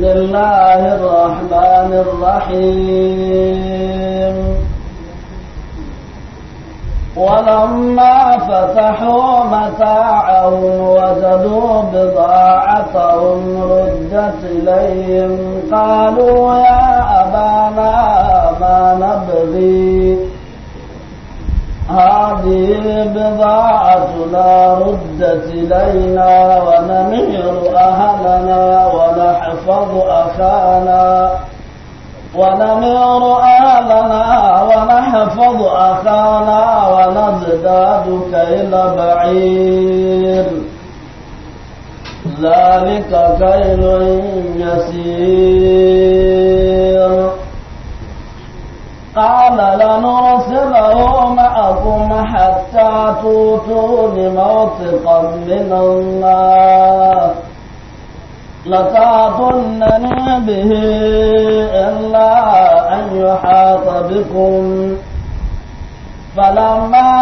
بسم الله الرحمن الرحيم ولما فتحوا متاعهم وجدوا بضاعتهم ردت إليهم قالوا يا أبانا ما نبغي هذه بضاعتنا ردت إلينا ونمير أهلنا ونحفظ أخانا ونمير أهلنا ونحفظ أخانا ونزداد كيل بعير ذلك كيل يسير قال لنرسله معكم حتى توتوا موثقا من الله لتعطنني به إلا أن يحاط بكم فلما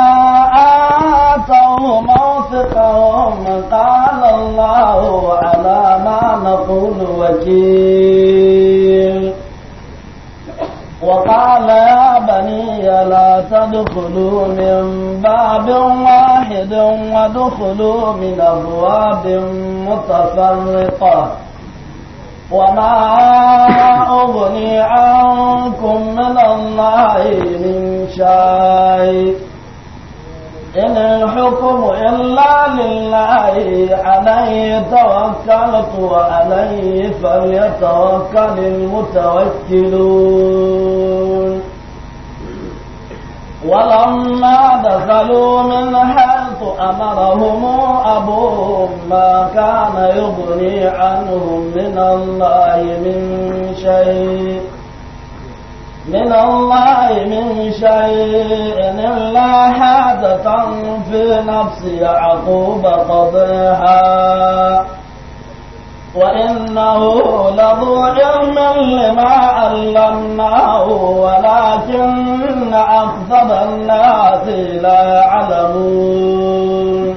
آتوا موثقهم قال الله على ما نقول وكيل وقال يا بني لا تدخلوا من باب واحد وادخلوا من أبواب متفرقة وما أغني عنكم من الله من شيء إن الحكم إلا لله عليه توكلت وعليه فليتوكل المتوكلون ولما دخلوا من حيث أمرهم أبوهم ما كان يغني عنهم من الله من شيء من الله من شيء إلا حادة في نفس يعقوب قضيها وإنه لذو علم لما علمناه ولكن أكثر الناس لا يعلمون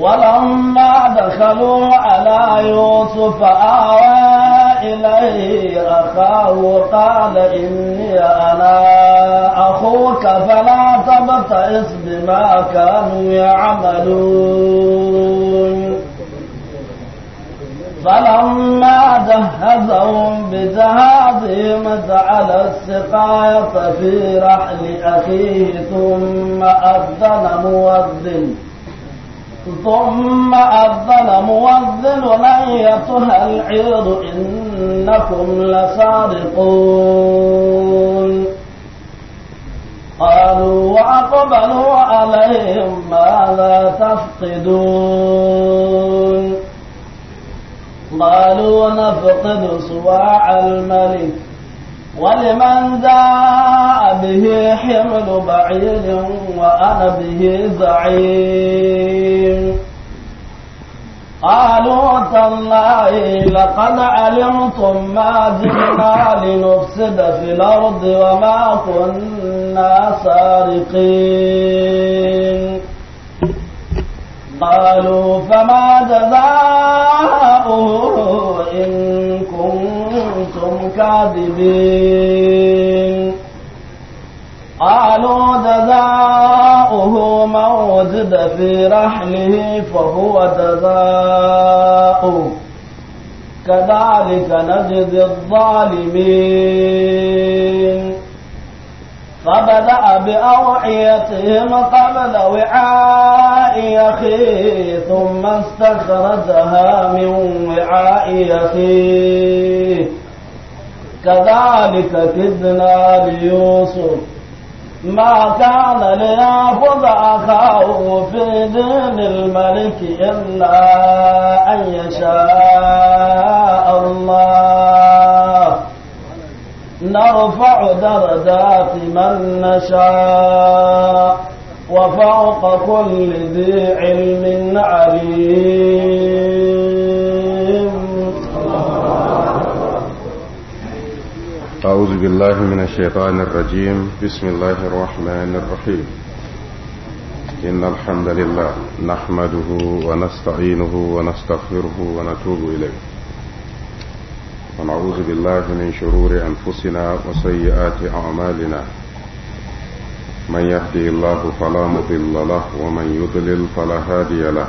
ولما دخلوا على يوسف آوان إليه أخاه قال إني أنا أخوك فلا تبتئس بما كانوا يعملون فلما جهزهم بجهازهم جعل السقاية في رحل أخيه ثم أذن مؤذن ثم أذن مؤذن أيتها العيد إنكم لصادقون قالوا وأقبلوا عليهم ماذا تفقدون قالوا نفقد صواع الملك ولمن جاء به حمل بعير وأنا به زعيم قالوا تالله لقد علمتم ما جئنا لنفسد في الأرض وما كنا سارقين قالوا فما جزاؤه إن كنتم كاذبين قالوا جزاؤه من وجد في رحله فهو جزاؤه كذلك نجزي الظالمين فبدأ بأوعيتهم قبل وعاء يخيه ثم استخرجها من وعاء يخيه كذلك كذنا ليوسف ما كان ليأخذ أخاه في دين الملك إلا أن يشاء الله نرفع درجات من نشاء وفوق كل ذي علم عليم أعوذ بالله من الشيطان الرجيم بسم الله الرحمن الرحيم إن الحمد لله نحمده ونستعينه ونستغفره ونتوب إليه ونعوذ بالله من شرور أنفسنا وسيئات أعمالنا من يهدي الله فلا مضل له ومن يضلل فلا هادي له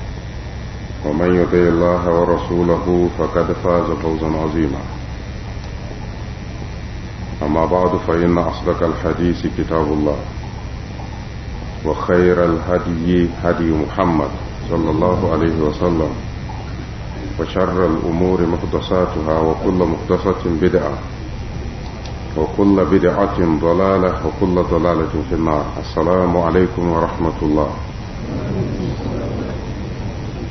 ومن يطع الله ورسوله فقد فاز فوزا عظيما أما بعد فإن أصدق الحديث كتاب الله وخير الهدي هدي محمد صلى الله عليه وسلم وشر الأمور محدثاتها وكل محدثة بدعة وكل بدعة ضلالة وكل ضلالة في النار السلام عليكم ورحمة الله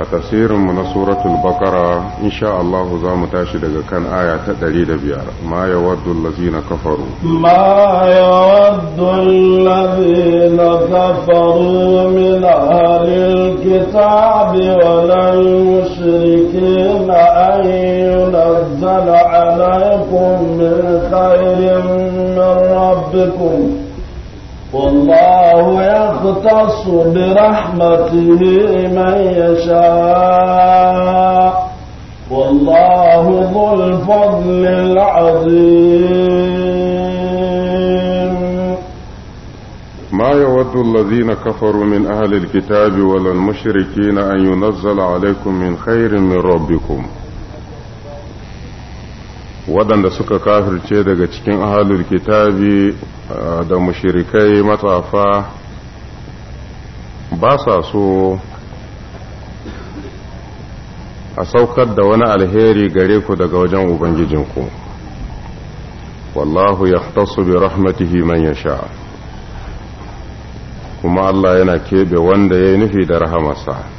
a tafsirinmu na suratul bakara insha Allah za mu tashi daga kan aya ta 105 ma yawaddu allazina kafaru ma yawaddu allazina kafaru min ahlil kitabi wa lal mushrikin an yunazzala alaykum min khairin min rabbikum والله يختص برحمته من يشاء والله ذو الفضل العظيم ما يود الذين كفروا من أهل الكتاب ولا المشركين أن ينزل عليكم من خير من ربكم waɗanda suka kafirce daga cikin ahalul kitabi ah, da mushirikai matsafa ba sa so a saukar da wani alheri gare ku daga wajen ubangijinku wallahu ya bi rahmatihi man ya sha kuma Allah yana keɓe wanda ya yi nufi da rahamarsa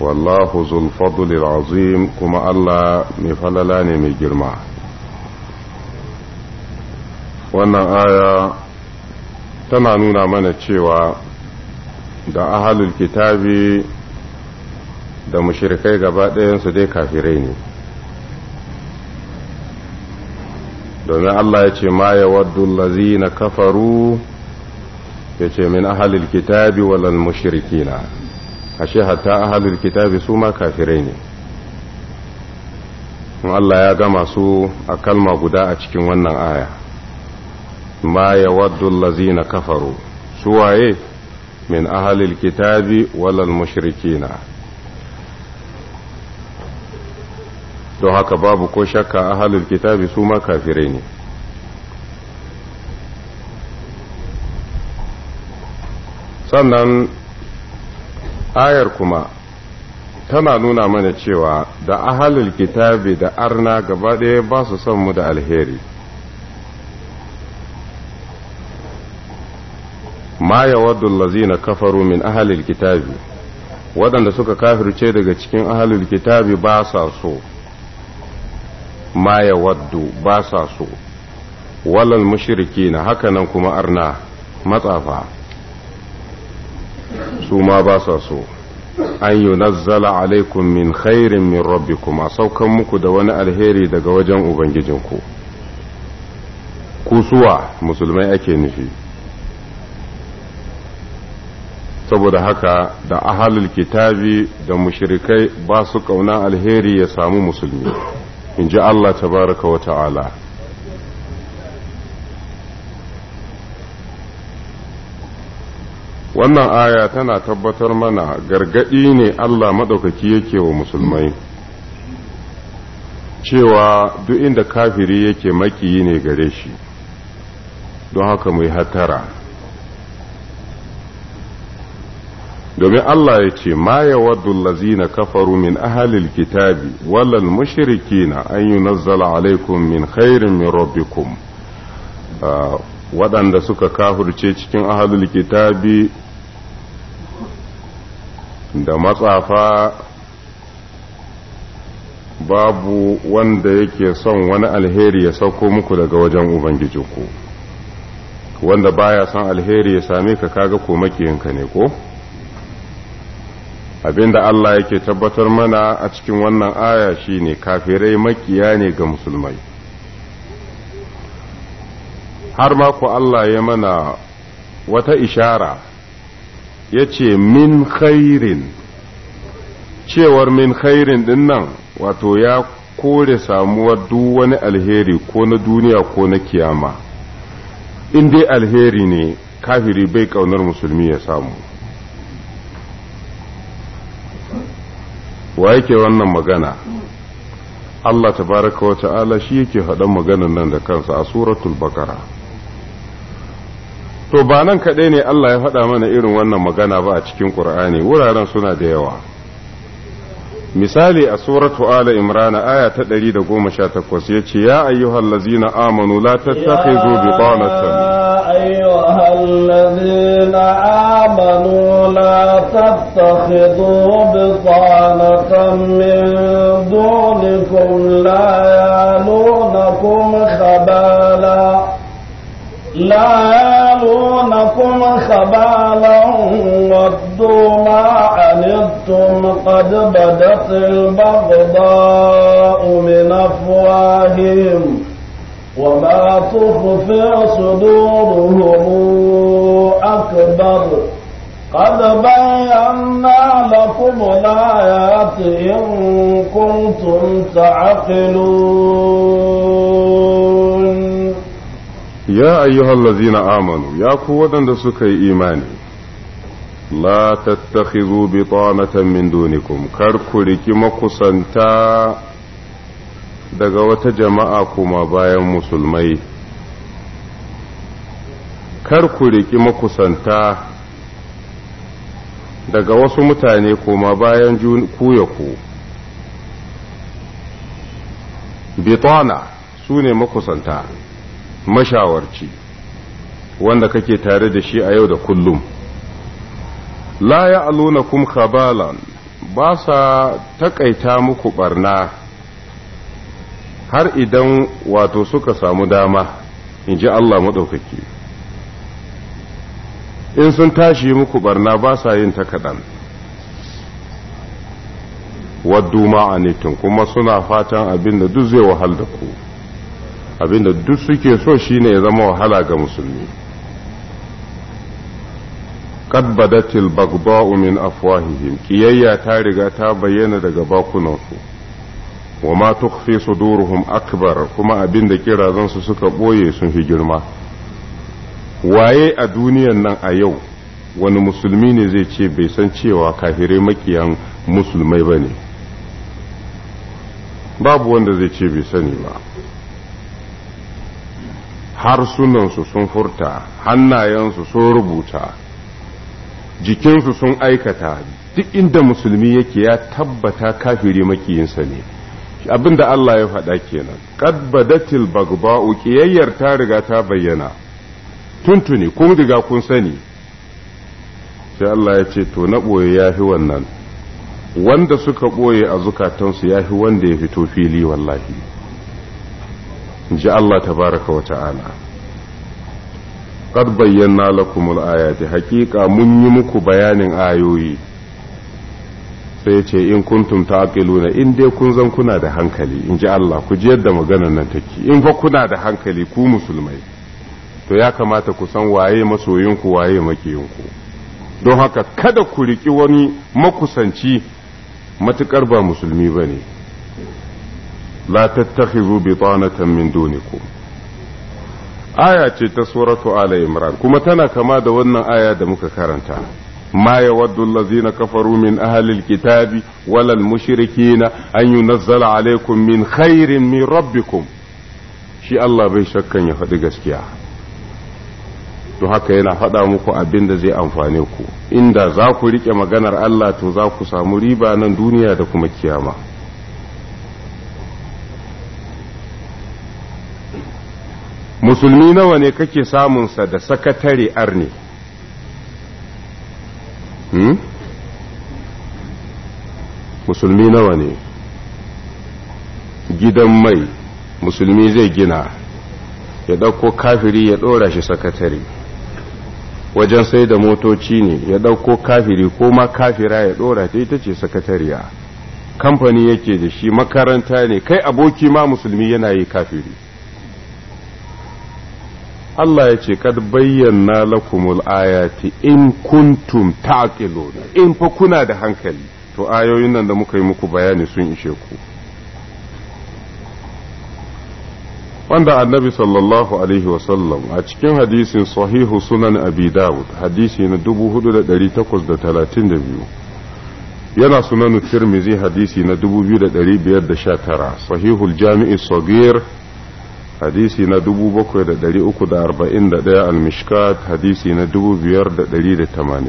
wallahu zulfadulil azim kuma Allah mai falala ne mai girma wannan aya tana nuna mana cewa da ahalul kitabi da mushrikai gaba ɗayansu dai kafirai ne domin Allah ya ce ma ya waddu kafaru ya ce min ahalul kitabi walal mushrikina ashe hatta ahalul kitabi su ma kafirai ne in Allah ya gama su a kalma guda a cikin wannan aya ma yawaddu allazina kafaru su waye min ahalil kitabi walal mushrikina don haka babu ko shakka ahalul kitabi su ma kafirai ne sannan ayar kuma tana nuna mana cewa da ahalul kitabi da arna gaba ɗaya ba su son mu da alheri ma yawaddu allazina kafaru min ahalil kitabi waɗanda suka kafirce daga cikin ahalul kitabi ba sa so ma yawaddu ba sa so walal mushrikina hakanan kuma arna matsafa su ma ba sa so an yi nazzala alaikum min khairin min rabbikum a saukan muku da wani alheri daga wajen ubangijinku kusuwa musulmai ake nufi saboda haka da ahalul kitabi da mushrikai ba su kauna alheri ya samu musulmi in ji Allah tabaraka wa ta'ala wannan aya tana tabbatar mana gargaɗi ne Allah maɗaukaki yake wa musulmai cewa duk inda kafiri yake makiyi ne gare shi don haka mai hatara domin Allah ya ce ma yawaddu allazina kafaru min ahalil kitabi walal mushrikina an yunazzala alaikum min khairin min rabbikum ah, waɗanda suka kafurce cikin ahalul kitabi da matsafa babu wanda yake son wani alheri ya sauko muku daga wajen ubangijinku wanda baya son alheri ya same ka kaga ko ka ne ko abinda Allah yake tabbatar mana a cikin wannan aya shine kafirai makiya ne ga musulmai har ma ku Allah ya mana wata ishara ya ce min khairin cewar min khairin din nan wato ya kore samuwar duk wani alheri ko na duniya ko na kiyama in dai alheri ne kafiri bai kaunar musulmi ya samu wa yake wannan magana Allah tabaraka wa ta'ala shi yake haɗa maganan nan da kansa a suratul bakara to ba nan kaɗai ne Allah ya faɗa mana irin wannan magana ba a cikin ƙur'ani wuraren suna da yawa misali a suratu ala imrana aya ta 118 yace ya ayyuhal ladzina amanu la tattakhidhu bitanatan ya ayyuhal ladzina amanu la tattakhidhu bitanatan min dunikum la yalunakum khabala la يبغونكم خبالا ودوا ما عنتم قد بدت البغضاء من أفواههم وما تخفي صدورهم أكبر قد بينا لكم الآيات إن كنتم تعقلون ya ayyuhal lazina amanu ya ku waɗanda suka yi imani la tattakhidhu bitanatan min dunikum kar ku riki makusanta daga wata jama'a kuma bayan musulmai kar ku riki makusanta daga wasu mutane kuma bayan ku ya su ne makusanta mashawarci wanda kake tare da shi a yau da kullum la kum khabalan ba sa takaita muku barna har idan wato suka samu dama in ji Allah maɗaukaki in sun tashi muku barna ba sa yin ta kaɗan waddu ma'anitin kuma suna fatan abinda duk zai wahal da ku abinda duk suke so shine ya zama wahala ga musulmi qad badatil min afwahihim ƙiyayya ta riga ta bayyana daga bakunansu wa ma tukhfi suduruhum akbar kuma abinda da su suka ɓoye sun fi girma waye a duniyan nan a yau wani musulmi ne zai ce bai san cewa kafirai makiyan musulmai bane babu wanda zai ce bai sani ba harsunansu sun furta hannayensu sun rubuta jikinsu sun aikata duk inda musulmi yake ya tabbata kafiri makiyinsa ne abinda Allah ya faɗa kenan qad badatil bagba'u qiyayyar ta riga ta bayyana tuntuni kun riga kun sani sai Allah ya ce to na boye yafi wannan wanda suka boye a zukatansu yafi wanda ya fito fili wallahi in ji Allah tabaraka wa ta'ala ƙad bayyana lakumul ayati haqiqa mun yi muku bayanin ayoyi sai ce in kuntum taqiluna in dai kun zan kuna da hankali in ji Allah ku ji yadda maganan nan take in fa kuna da hankali ku musulmai to ya kamata ku san waye masoyinku waye makiyinku don haka kada ku riki wani makusanci matukar ba musulmi bane la tattakhizu bitanatan min dunikum aya ce ta suratu ala imran kuma tana kama da wannan aya da muka karanta ما يود الذين كفروا من أهل الكتاب na المشركين أن min عليكم من خير من ربكم شي الله بي شكا يفدي gaskiya to haka yana faɗa muku abinda zai amfani ku inda za ku riƙe maganar Allah to za ku samu riba nan duniya da kuma kiyama musulmi nawa ne kake sa da sakatare arne hmm? musulmi nawa ne gidan mai musulmi zai gina ya ɗauko kafiri ya ɗora shi sakatare wajen sai da motoci ne ya ɗauko kafiri ko ma kafira ya ɗora ta ita ce sakatariya kamfani yake da shi makaranta ne kai aboki ma musulmi yana yi kafiri Allah ya ce kad bayyana lakumul ayati in kuntum taqiluna in fa kuna da hankali to ayoyin nan da muka yi muku bayani sun ishe ku wanda annabi sallallahu alaihi sallam a cikin hadisin sahihu sunan abi dawud hadisi na 4832 yana sunan tirmizi hadisi na 2519 sahihul jami'i sagir hadisi na 7341 al-mishkat hadisi na 2580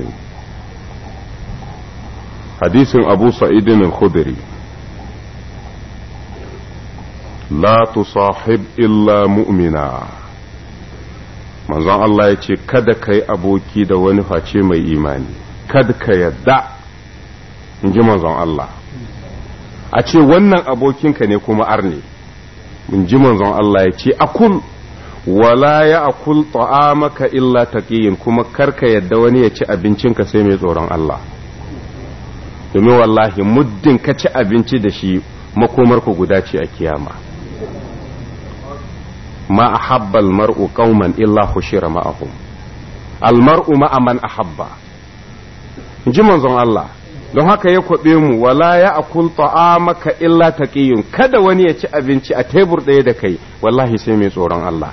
hadisin abu sa'idin al-khudri la tusahib illa mu'mina manzon Allah ya ce kada ka yi aboki da wani face mai imani kada ka yadda in ji manzon Allah a ce wannan abokinka ne kuma arne in ji manzon Allah ya ce akul wala ya akul ta'amaka illa taqiyin kuma karka yadda wani ya ci abincin ka sai mai tsoron Allah domin wallahi muddin ka ci abinci da shi makomarku guda ce a kiyama ma al mar'u qauman illa hushira ma'ahum al mar'u ma'a man ahabba in ji manzon Allah don haka ya kwaɓe mu wala ya akul ta'amaka illa taqiyun kada wani ya ci abinci a tebur ɗaya da kai wallahi sai mai tsoron Allah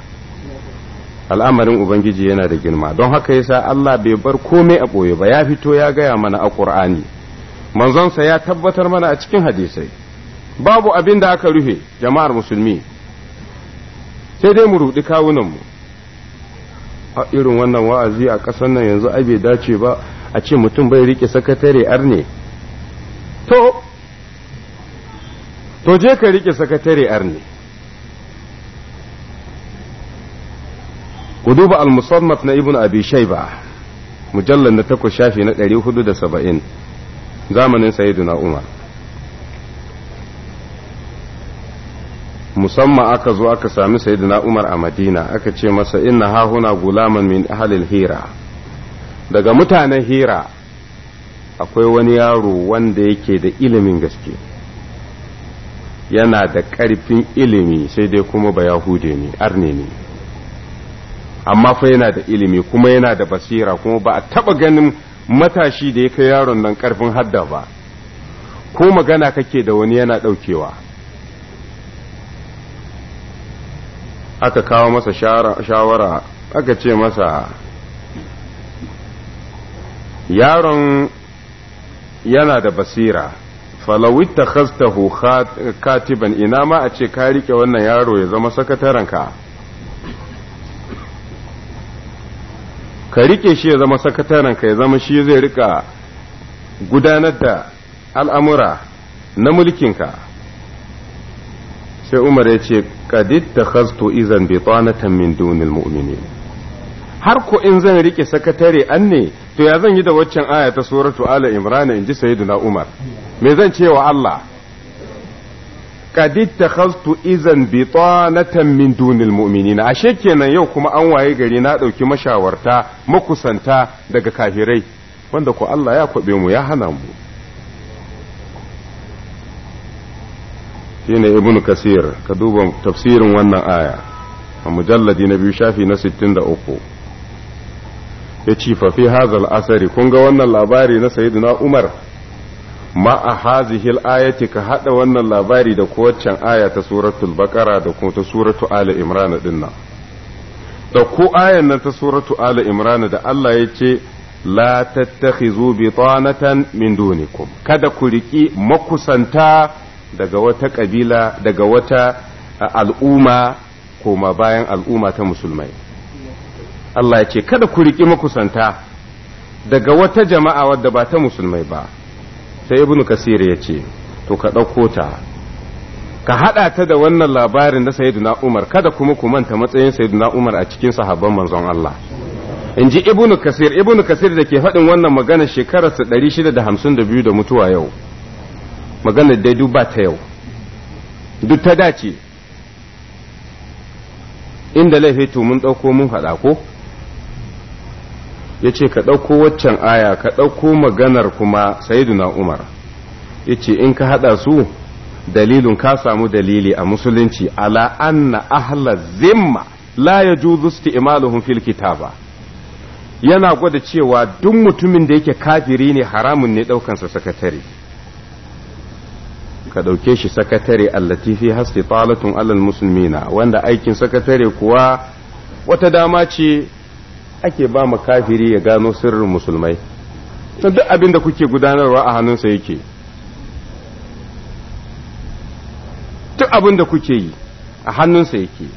al'amarin ubangiji yana da girma don haka yasa Allah bai bar komai a ɓoye ba ya fito ya gaya mana a Qur'ani manzonsa ya tabbatar mana a cikin hadisai babu abin da aka rufe jama'ar musulmi sai dai mu ruɗi kawunanmu a irin wannan wa'azi a ƙasar nan yanzu ai bai dace ba a ce mutum bai rike sakatare arne to to je ka rike sakatare arne ku duba al-musannaf na ibn abi shayba mujallal na takwas shafi na 470 zamanin sayyiduna umar musamman aka zo aka sami sayyidina umar a madina aka ce masa inna hahuna gulaman min ahlil hira daga mutanen hira akwai wani yaro wanda yake da ilimin gaske yana da ƙarfin ilimi sai dai kuma ba yahude ne arne ne amma fa yana da ilimi kuma yana da basira kuma ba a taɓa ganin matashi da ya kai yaron nan karfin hadda ba ko magana kake da wani yana ɗaukewa aka kawo masa shawara aka ce masa yaron yana da basira falawit ta khastahu katiban ina ma a ce ka rike wannan yaro ya zama sakataranka. ka rike shi ya zama sakatarenka ya zama shi zai rika gudanar da al'amura na mulkin ka. sai umar ya ce kadid ta khasto izan bi min dunil mu'minin har ko in zan rike sakatare an ne to ya zan yi da waccan aya ta suratu ala imrana in ji sayyiduna umar me zan ce wa Allah qad ittakhadtu izan bitanatan min dunil mu'minina ashe kenan yau kuma an waye gari na dauki mashawarta makusanta daga kafirai wanda ko Allah ya kwabe mu ya hana mu shine ibnu kasir ka duba tafsirin wannan aya a mujalladi na biyu shafi na 63 ya ce fa fi hazal asari kun ga wannan labari na sayyidina umar ma a hazihil ayati ka hada wannan labari da kowaccen aya ta suratul baqara da kuma ta suratu ali imran din nan da ko ayan nan ta suratu ali imran da Allah ya ce la tattakhizu bitanatan min dunikum kada ku riki makusanta daga wata kabila daga wata al'umma koma bayan al'umma ta musulmai Allah ya ce kada ku riƙi makusanta daga wata jama'a wadda ba ta musulmai ba sai ibnu kasir ya ce to ka ɗauko ta ka haɗa ta da wannan labarin na sayyiduna umar kada kuma ku manta matsayin sayyiduna umar a cikin sahabban manzon Allah in ji ibnu kasir ibnu kasir da ke faɗin wannan magana shekararsa 652 da mutuwa yau maganar dai ba ta yau duk ta dace inda laifi to mun ɗauko mun faɗa ko ya ce ka ɗauko waccan aya ka ɗauko maganar kuma na umar ya ce in ka haɗa su dalilin ka samu dalili a musulunci ala anna ahla zimma la ya juzu isti'maluhum fil kitaba yana gwada cewa duk mutumin da yake kafiri ne haramun ne ɗaukansa sakatare ka ɗauke shi sakatare allatifi haske talatun alal musulmina wanda aikin sakatare kuwa wata dama ce ake ba mu kafiri ya gano sirrin musulmai duk abin da kuke gudanarwa a hannunsa yake duk abin da kuke yi a hannunsa yake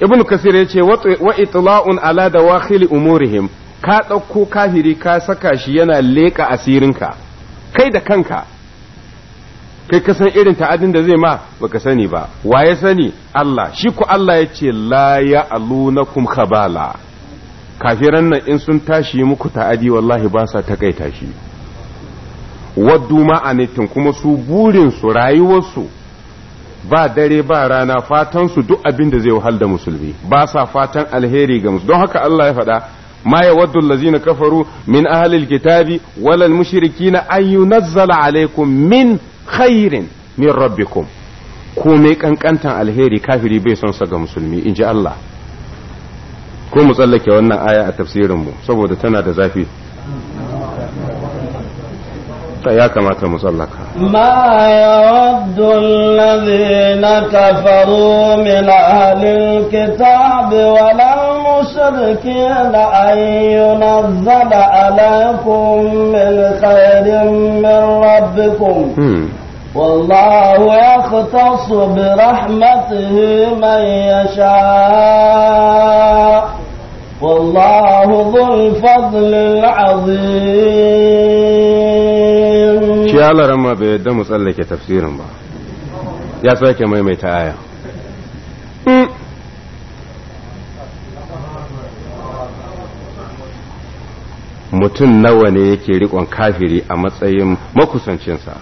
ibn kasir ya ce wa itla'un ala da wakili umurihim ka ɗauko kafiri ka saka shi yana leƙa asirinka kai da kanka kai ka san irin ta'adin da zai ma baka sani ba wa ya sani Allah shi ku Allah ya ce la ya alunakum khabala kafiran nan in sun tashi muku ta'adi wallahi ba sa takaita shi waddu ma'anitin kuma su burinsu rayuwarsu ba dare ba rana fatan su duk abin da zai wahal da musulmi ba sa fatan alheri ga musulmi don haka Allah ya faɗa ma ya waddu allazina kafaru min ahlil kitabi walal mushrikina an yunazzala alaikum min khairin min rabbikum ko mai kankantan alheri kafiri bai son sa ga musulmi in ji Allah ko mu tsallake wannan aya a tafsirinmu saboda tana da zafi ya kamata mu tsallaka ma yawaddu alladhina kafaru min ahli wa wala mushrikin an yunazzala alaykum min khairin min rabbikum hmm. والله يختص برحمته من يشاء والله ذو الفضل العظيم shi Allah ma bai yarda mu tsallake tafsirin ba ya sake maimaita aya hmm. mutum nawa ne yake riƙon kafiri a matsayin makusancinsa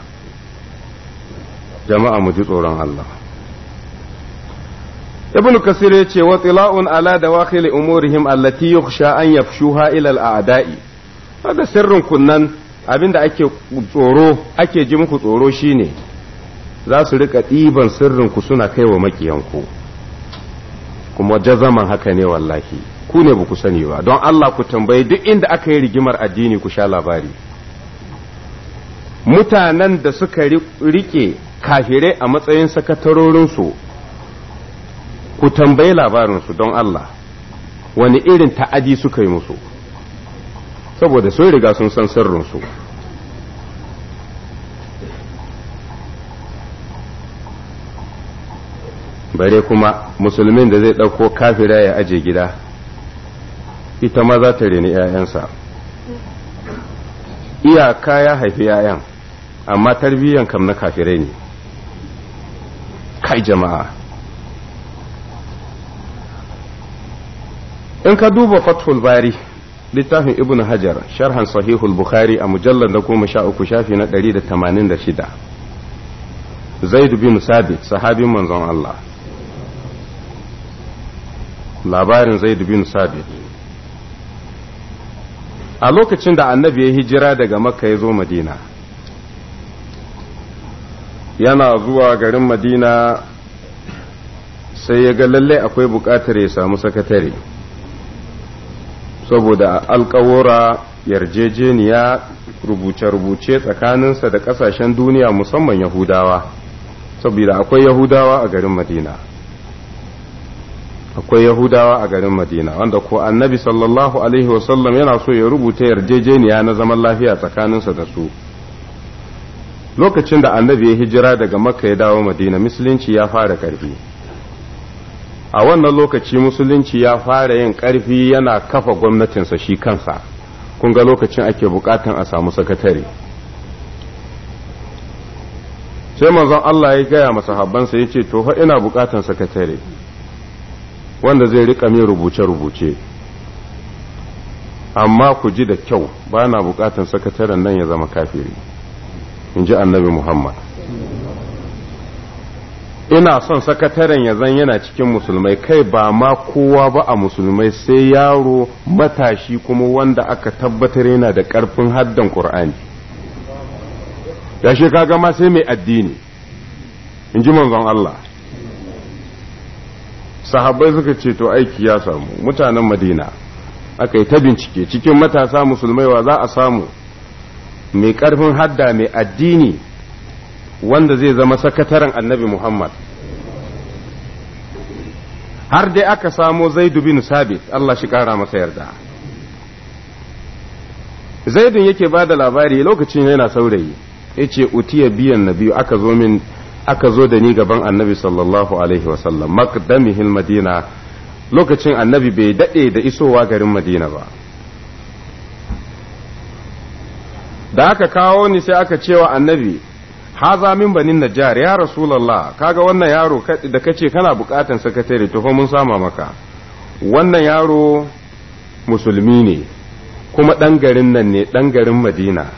jama'a mu ji tsoron Allah ibn kasir ya ce wa tila'un ala dawakhil umurihim allati yukhsha an yafshuha ila al-a'da'i hada sirrin kunnan abinda ake tsoro ake ji muku tsoro shine za su rika ɗiban sirrin ku suna kaiwa makiyanku kuma jazaman haka ne wallahi ku ne ba ku sani ba don Allah ku tambayi duk inda aka yi rigimar addini ku sha labari mutanen da suka rike kafirai a matsayin sakatarorinsu ku tambayi labarinsu don Allah wani irin ta'adi suka yi musu saboda sun riga sun san sirrinsu bare kuma musulmin da zai ɗauko kafira ya aje gida ita ma za ta reni 'ya'yansa iyaka ya haifi 'ya'yan amma tarbiyyan kam na kafirai ne kai jama'a in ka duba fathul bari littafin ibn hajar sharhan sahihul bukhari a mujallar da goma sha uku shafi na ɗari da tamanin da shida zaid bin sabit sahabin manzon allah labarin zaid bin sabit a lokacin da annabi ya hijira daga makka ya zo madina yana zuwa garin madina sai ya ga lallai akwai buƙatar ya samu sakatare saboda alkawura yarjejeniya rubuce-rubuce tsakaninsa da ƙasashen duniya musamman yahudawa saboda akwai yahudawa a garin madina akwai yahudawa a garin madina wanda ko annabi sallallahu alaihi wasallam yana so ya rubuta yarjejeniya na zaman lafiya tsakaninsa da su lokacin da annabi ya hijira daga makka ya dawo madina musulunci ya fara karfi a wannan lokaci musulunci ya fara yin karfi yana kafa gwamnatinsa shi kansa kun ga lokacin ake bukatan a samu sakatare sai manzon Allah ya gaya sahabansa ya ce to fa ina bukatan sakatare wanda zai rika min rubuce-rubuce amma ku ji da kyau ba na bukatan sakataren nan ya zama kafiri in ji annabi muhammad ina son sakataren ya zan yana cikin musulmai kai ba ma kowa ba a musulmai sai yaro matashi kuma wanda aka tabbatar yana da karfin haddan ƙur'ani ya kaga ma sai mai addini in ji manzon Allah sahabbai suka ce to aiki ya samu mutanen madina aka yi ta bincike cikin matasa musulmai wa za a samu mai ƙarfin hadda mai addini wanda zai zama sakataren annabi Muhammad. Har dai aka samo Zaidu bin Sabit, Allah shi ƙara masa yarda. Zaidun yake ba da labari lokacin yana saurayi, ya ce, Utiya biyan na biyu aka zo min aka zo da ni gaban annabi sallallahu alaihi wasallam, makdamihil Madina, lokacin annabi bai daɗe da isowa garin Madina ba. da aka kawo ni sai aka cewa annabi haza min banin najjar ya rasulullah kaga wannan yaro da kace kana bukatan sakatare to fa mun sama maka wannan yaro musulmi ne kuma dan garin nan ne dan garin madina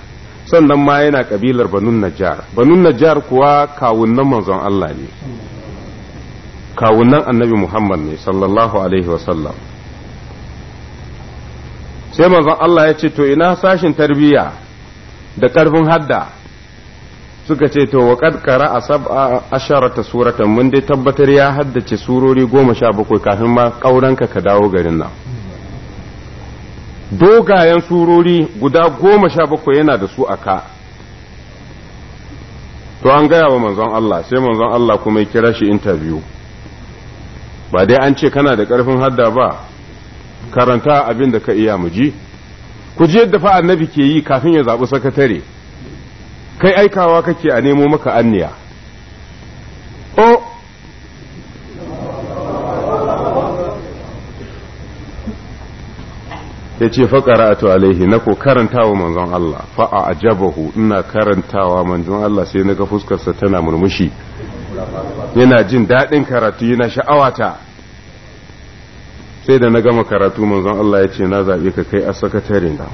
sannan ma yana kabilar banun najjar banun najjar kuwa kawunnan manzon Allah ne kawunan annabi Muhammad ne sallallahu alaihi wasallam sai manzon Allah ya ce to ina sashin tarbiyya da ƙarfin hadda suka ce to wa ƙarƙara a sab'a asharata suratan mun dai tabbatar ya haddace surori goma sha bakwai kafin ma ƙauranka ka dawo garin nan dogayen surori guda goma sha bakwai yana da su a ka to an gaya wa manzon Allah sai manzon Allah kuma ya kira shi interview ba dai an ce kana da ƙarfin hadda ba karanta abin da ka iya mu ji ku ji yadda fa annabi ke yi kafin ya zaɓi sakatare kai aikawa kake a nemo maka anniya o ya ce a alaihi na ko karantawa manzon Allah fa'a ajabahu ina karantawa manzon Allah sai na ga fuskarsa tana murmushi yana jin daɗin karatu yana sha'awata sai da na gama karatu manzon Allah ya ce na zaɓe ka kai a sakatare na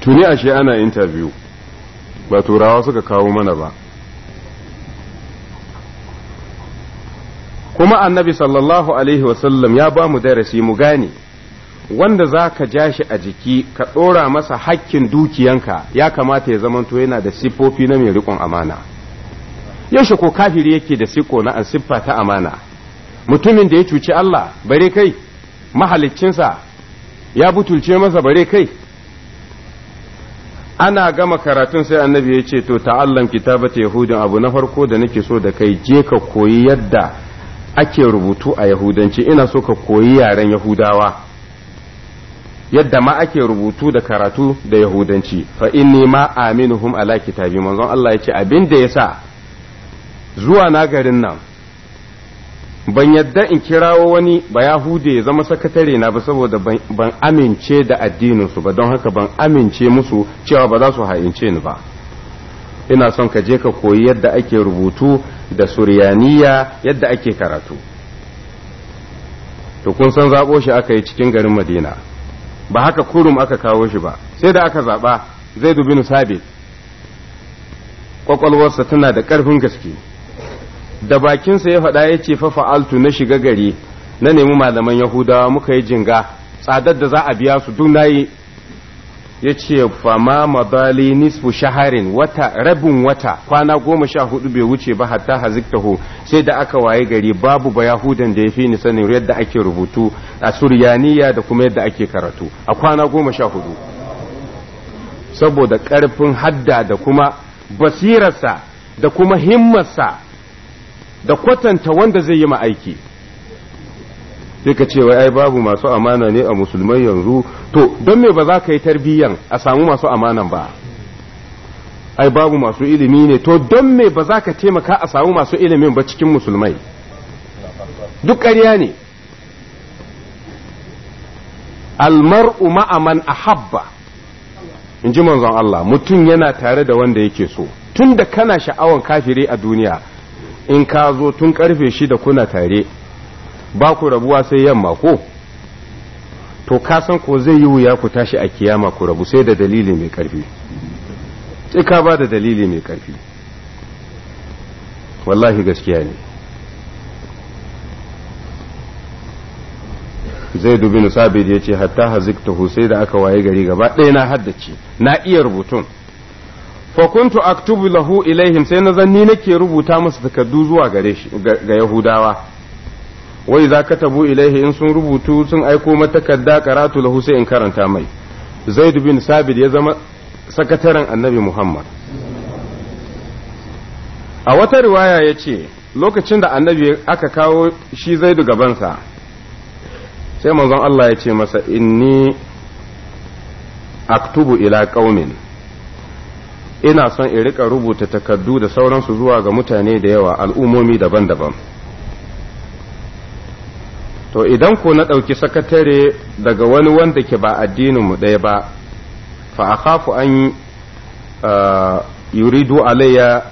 tuni ashe ana interview ba turawa suka kawo mana ba kuma annabi sallallahu alaihi wasallam ya ba mu darasi mu gane wanda za ka ja shi a jiki ka ɗora masa hakkin dukiyanka ya kamata ya zamanto yana da siffofi na mai riƙon amana yaushe ko kafiri yake da siko na siffa ta amana mutumin da ya cuci Allah bare kai mahaliccinsa ya butulce masa bare kai ana gama karatun sai annabi ya ce to ta'allam kitabata yahudin abu na farko da nake so da kai je ka koyi yadda ake rubutu a yahudanci ina so ka koyi yaren yahudawa yadda ma ake rubutu da karatu da yahudanci fa inni ma aminuhum ala kitabi manzon Allah ya ce abin da ya sa zuwa na garin nan ban yadda in kirawo wani ba yahude ya zama sakatare na ba saboda ban amince da addininsu ba don haka ban amince musu cewa ba za su ha'ince ni ba ina son ka je ka koyi yadda ake rubutu da suryaniya yadda ake karatu to kun san zaɓo shi aka yi cikin garin madina ba haka kurum aka kawo shi ba sai da aka zaɓa zai dubi ni sabit kwakwalwarsa tana da ƙarfin gaske da bakinsa ya faɗa ya ce fa fa'altu na shiga gari na nemi malaman yahudawa muka yi jinga tsadar da za a biya su duk nayi ya ce fama madali nisfu shaharin wata rabin wata kwana goma sha hudu bai wuce ba hatta haziktahu sai da aka waye gari babu ba yahudan da ya fi ni sanin yadda ake rubutu a suryaniya da kuma yadda ake karatu a kwana goma sha hudu saboda karfin hadda da kuma basirarsa da kuma himmarsa da kwatanta wanda zai yi ma'aiki. sai ka ce wai ai babu masu amana ne a musulmai yanzu to don me ba za ka yi tarbiyyan a samu masu amanan ba ai babu masu ilimi ne to don me ba za ka taimaka a samu masu ilimin ba cikin musulmai duk ƙarya ne almar'u ma'aman ahabba in ji manzon Allah mutum yana tare da wanda yake so tun da kana sha'awan kafiri a duniya in ka zo tun karfe shida kuna tare ba ku rabuwa sai yamma ko to ka san ko zai yi wuya ku tashi a kiyama ku rabu sai da dalili mai karfi sai ka ba da dalili mai karfi wallahi gaskiya ne zai dubi sabit ya ce hatta haziktahu sai da aka waye gari gaba ɗaya na haddace na iya rubutun fa kuntu aktubu lahu ilaihim sai na zanni nake rubuta musu takardu zuwa gare shi ga yahudawa wai za ka tabu ilaihi in sun rubutu sun aiko matakarda karatu lahu sai in karanta mai zaid bin sabit ya zama sakataren annabi muhammad a wata riwaya ya ce lokacin da annabi aka kawo shi zaidu sa sai manzon Allah ya ce masa inni aktubu ila qaumin ina son in rika rubuta takardu da sauransu zuwa ga mutane da yawa al'umomi daban-daban to idan ko na ɗauki sakatare daga wani wanda ke ba addininmu ɗaya ba fa akhafu an yuridu alayya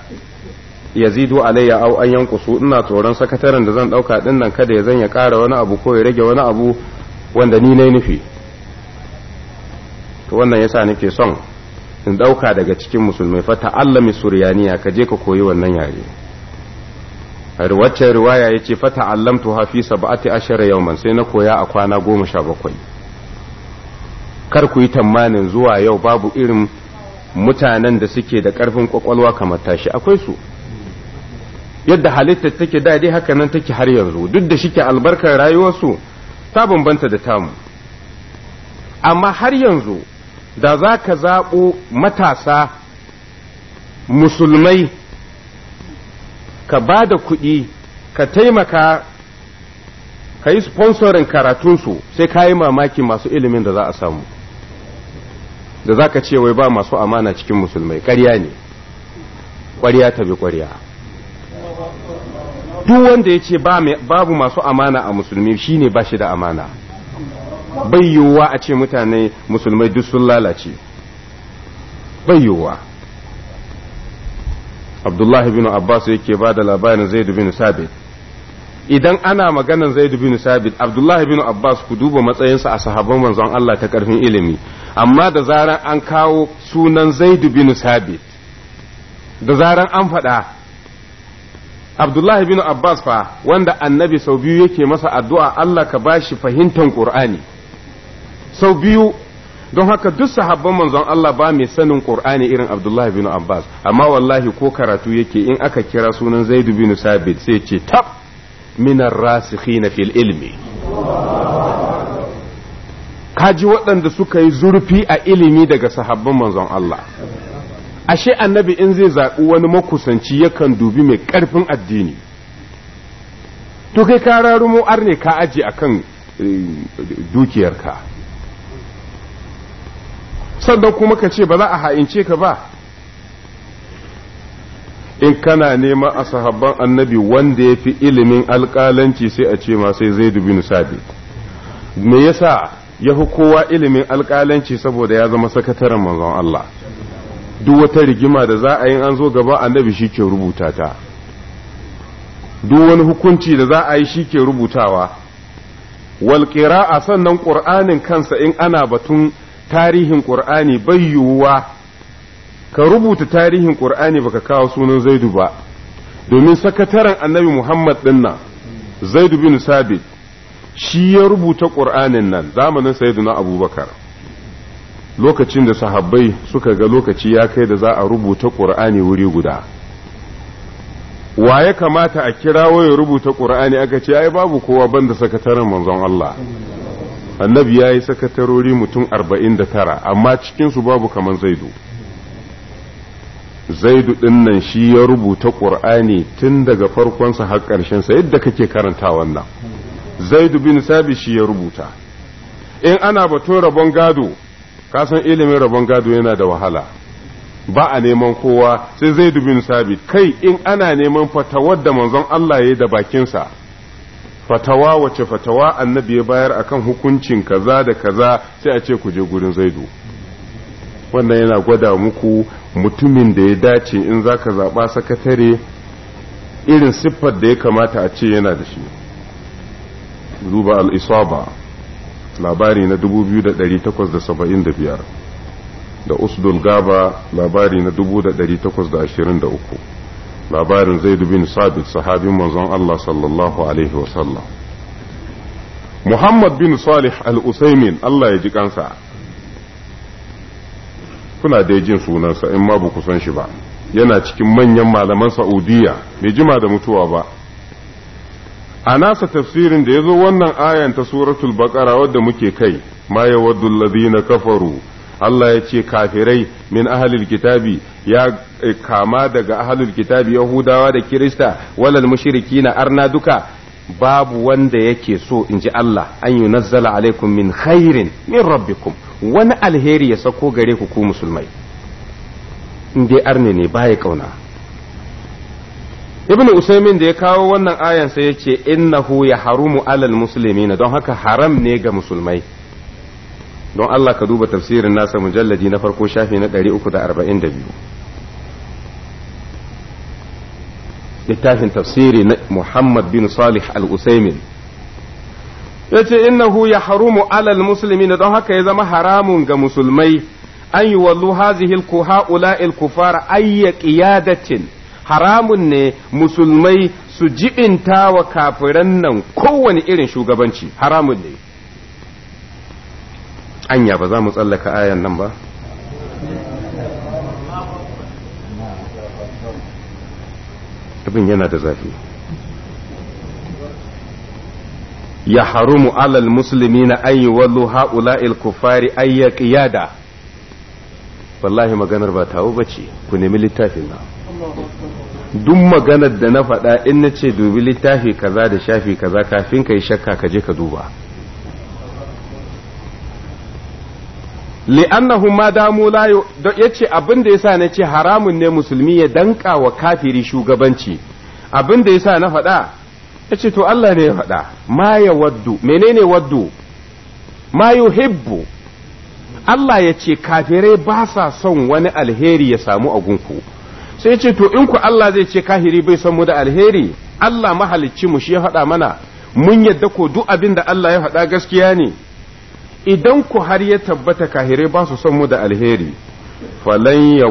yazidu alayya au an yankusu ina tsoron sakataren da zan ɗauka ɗin nan kada ya zan ya ƙara wani abu ko ya rage wani abu wanda ni na nufi to wannan yasa nake son in ɗauka daga cikin musulmai fa ta'allami suryaniya ka je ka koyi wannan yare wacce riwaya ya ce fata allamtu hafi saba'ati ashara yauman sai na koya a kwana goma sha bakwai kar ku yi tamanin zuwa yau babu irin mutanen da suke da ƙarfin ƙwaƙwalwa kamar tashi akwai su yadda halitta take daɗi dai haka nan take har yanzu duk da shike albarkar rayuwarsu ta bambanta da tamu amma har yanzu da za ka zaɓo matasa musulmai ka ba da kuɗi ka taimaka ka yi sponsorin karatunsu sai ka yi mamaki masu ilimin da za a samu da za ka ce wai ba masu amana cikin musulmai ƙarya ne ƙwarya ta bi ƙwarya duk wanda ya ce babu masu amana a musulmi shine ba shi da amana bai yiwuwa a ce mutane musulmai duk sun lalace bai yiwuwa abdullahi bin abbas yake ba da labarin zaid bin sabit idan ana maganan zaid bin sabit abdullahi bin abbas ku duba matsayinsa a sahabban manzon Allah ta karfin ilimi amma da zaran an kawo sunan zaid bin sabit da zaran an faɗa Abdullahi bin Abbas fa wanda annabi sau biyu yake masa addu'a Allah ka ba shi fahimtar Ƙur'ani sau biyu don haka duk sahabban manzon Allah ba mai sanin Qur'ani irin Abdullah bin Abbas amma wallahi ko karatu yake in aka kira sunan Zaid bin Sabit sai ce tab ar rasikhina fil ilmi kaji waɗanda suka yi zurfi a ilimi daga sahabban manzon Allah ashe annabi in zai zaɓi wani makusanci yakan dubi mai ƙarfin addini to kai ka arne ka aje akan eh, dukiyarka sannan kuma ka ce ba za a ha'ince ka ba in kana nema a sahabban annabi wanda ya fi ilimin alkalanci sai a ce ma sai zai dubi nisabi me yasa ya fi kowa ilimin alkalanci saboda ya zama sakataren manzon Allah duk wata rigima da za a yi an zo gaba annabi shi ke rubuta ta duk wani hukunci da za a yi shi ke rubutawa wal a sannan ƙur'anin kansa in ana batun tarihin ƙur'ani bai yiwuwa ka rubuta tarihin ƙur'ani baka kawo sunan zaidu ba domin sakataren annabi muhammad dinnan zaidu bin sabit shi ya rubuta ƙur'anin nan zamanin sayyiduna abubakar lokacin da sahabbai suka ga lokaci ya kai da za a rubuta ƙur'ani wuri guda wa ya kamata a kirawo ya rubuta ƙur'ani aka ce ai babu kowa banda sakataren manzon Allah annabi ya yi sakatarori mutum arba'in da tara amma cikinsu babu kamar zaidu zaidu ɗin nan shi ya rubuta ƙur'ani tun daga farkonsa har sa yadda kake karanta wannan zaidu bin sabi shi ya rubuta in ana batun rabon gado kasan ilimin rabon gado yana da wahala ba a neman kowa sai zaidu bin sabi kai in ana neman fatawar da manzon Allah ya yi da bakinsa fatawa wace fatawa annabi ya bayar akan hukuncin kaza da kaza sai a ce ku je gurin zaidu wannan yana gwada muku mutumin da ya dace in za ka zaɓa sakatare irin siffar da ya kamata a ce yana da shi duba al'isaba labari na 2875 da usdul gaba labari na 2823 labarin zaid bin sabit sahabin manzon Allah sallallahu alaihi wasallam Muhammad bin Salih al-Usaimin Allah ya ji kansa kuna da jin sunansa in ma ku san shi ba yana cikin manyan malaman Saudiya bai jima da mutuwa ba a nasa tafsirin da ya zo wannan ayan ta suratul baqara wadda muke kai ma yawaddu ladina kafaru Allah ya ce kafirai min ahalil kitabi ya eh, kama daga ahalil kitabi yahudawa da kirista walal mushriki na arna duka babu wanda yake so in ji Allah an yi nazzala alaikum min khairin min rabbikum wani alheri ya sako gare ku ku musulmai inda arne ne baya kauna ibn usaimin da ya kawo wannan ayan sai ya ce innahu ya harumu alal muslimina don haka haram ne ga musulmai don Allah ka duba tafsirin nasa mujalladi na farko shafi na 342 littafin tafsiri na Muhammad bin Salih al-Usaimin ce innahu ya harumu alal musulmi don haka ya zama haramun ga musulmai an yi wallu hazihil ku ha'ula'il kufara ayya ƙiyadacin haramun ne musulmai su jibinta wa kafiran nan kowane irin shugabanci haramun ne anya ba za mu tsallaka ayan nan ba abin yana da zafi ya harumu alal musulmi na ayi wallo ha'ula'il kufari ayya yada. wallahi maganar ba tawo ba ku nemi littafin na duk maganar da na faɗa in na ce dubi littafi kaza da shafi kaza kafin ka yi shakka ka je ka duba li'annahum ma damu la yace abin da yasa na ce haramun ne musulmi ya danka wa kafiri shugabanci abin da yasa na faɗa yace to Allah ne ya faɗa ma ya waddu menene waddu ma yuhibbu Allah ya ce kafirai ba sa son wani alheri ya samu a gunku sai ce to in ku Allah zai ce kahiri bai san mu da alheri Allah mahalicci mu shi ya faɗa mana mun yadda ko duk abin da Allah ya faɗa gaskiya ne idan ku har ya tabbata kahirai ba su son mu da alheri falan ya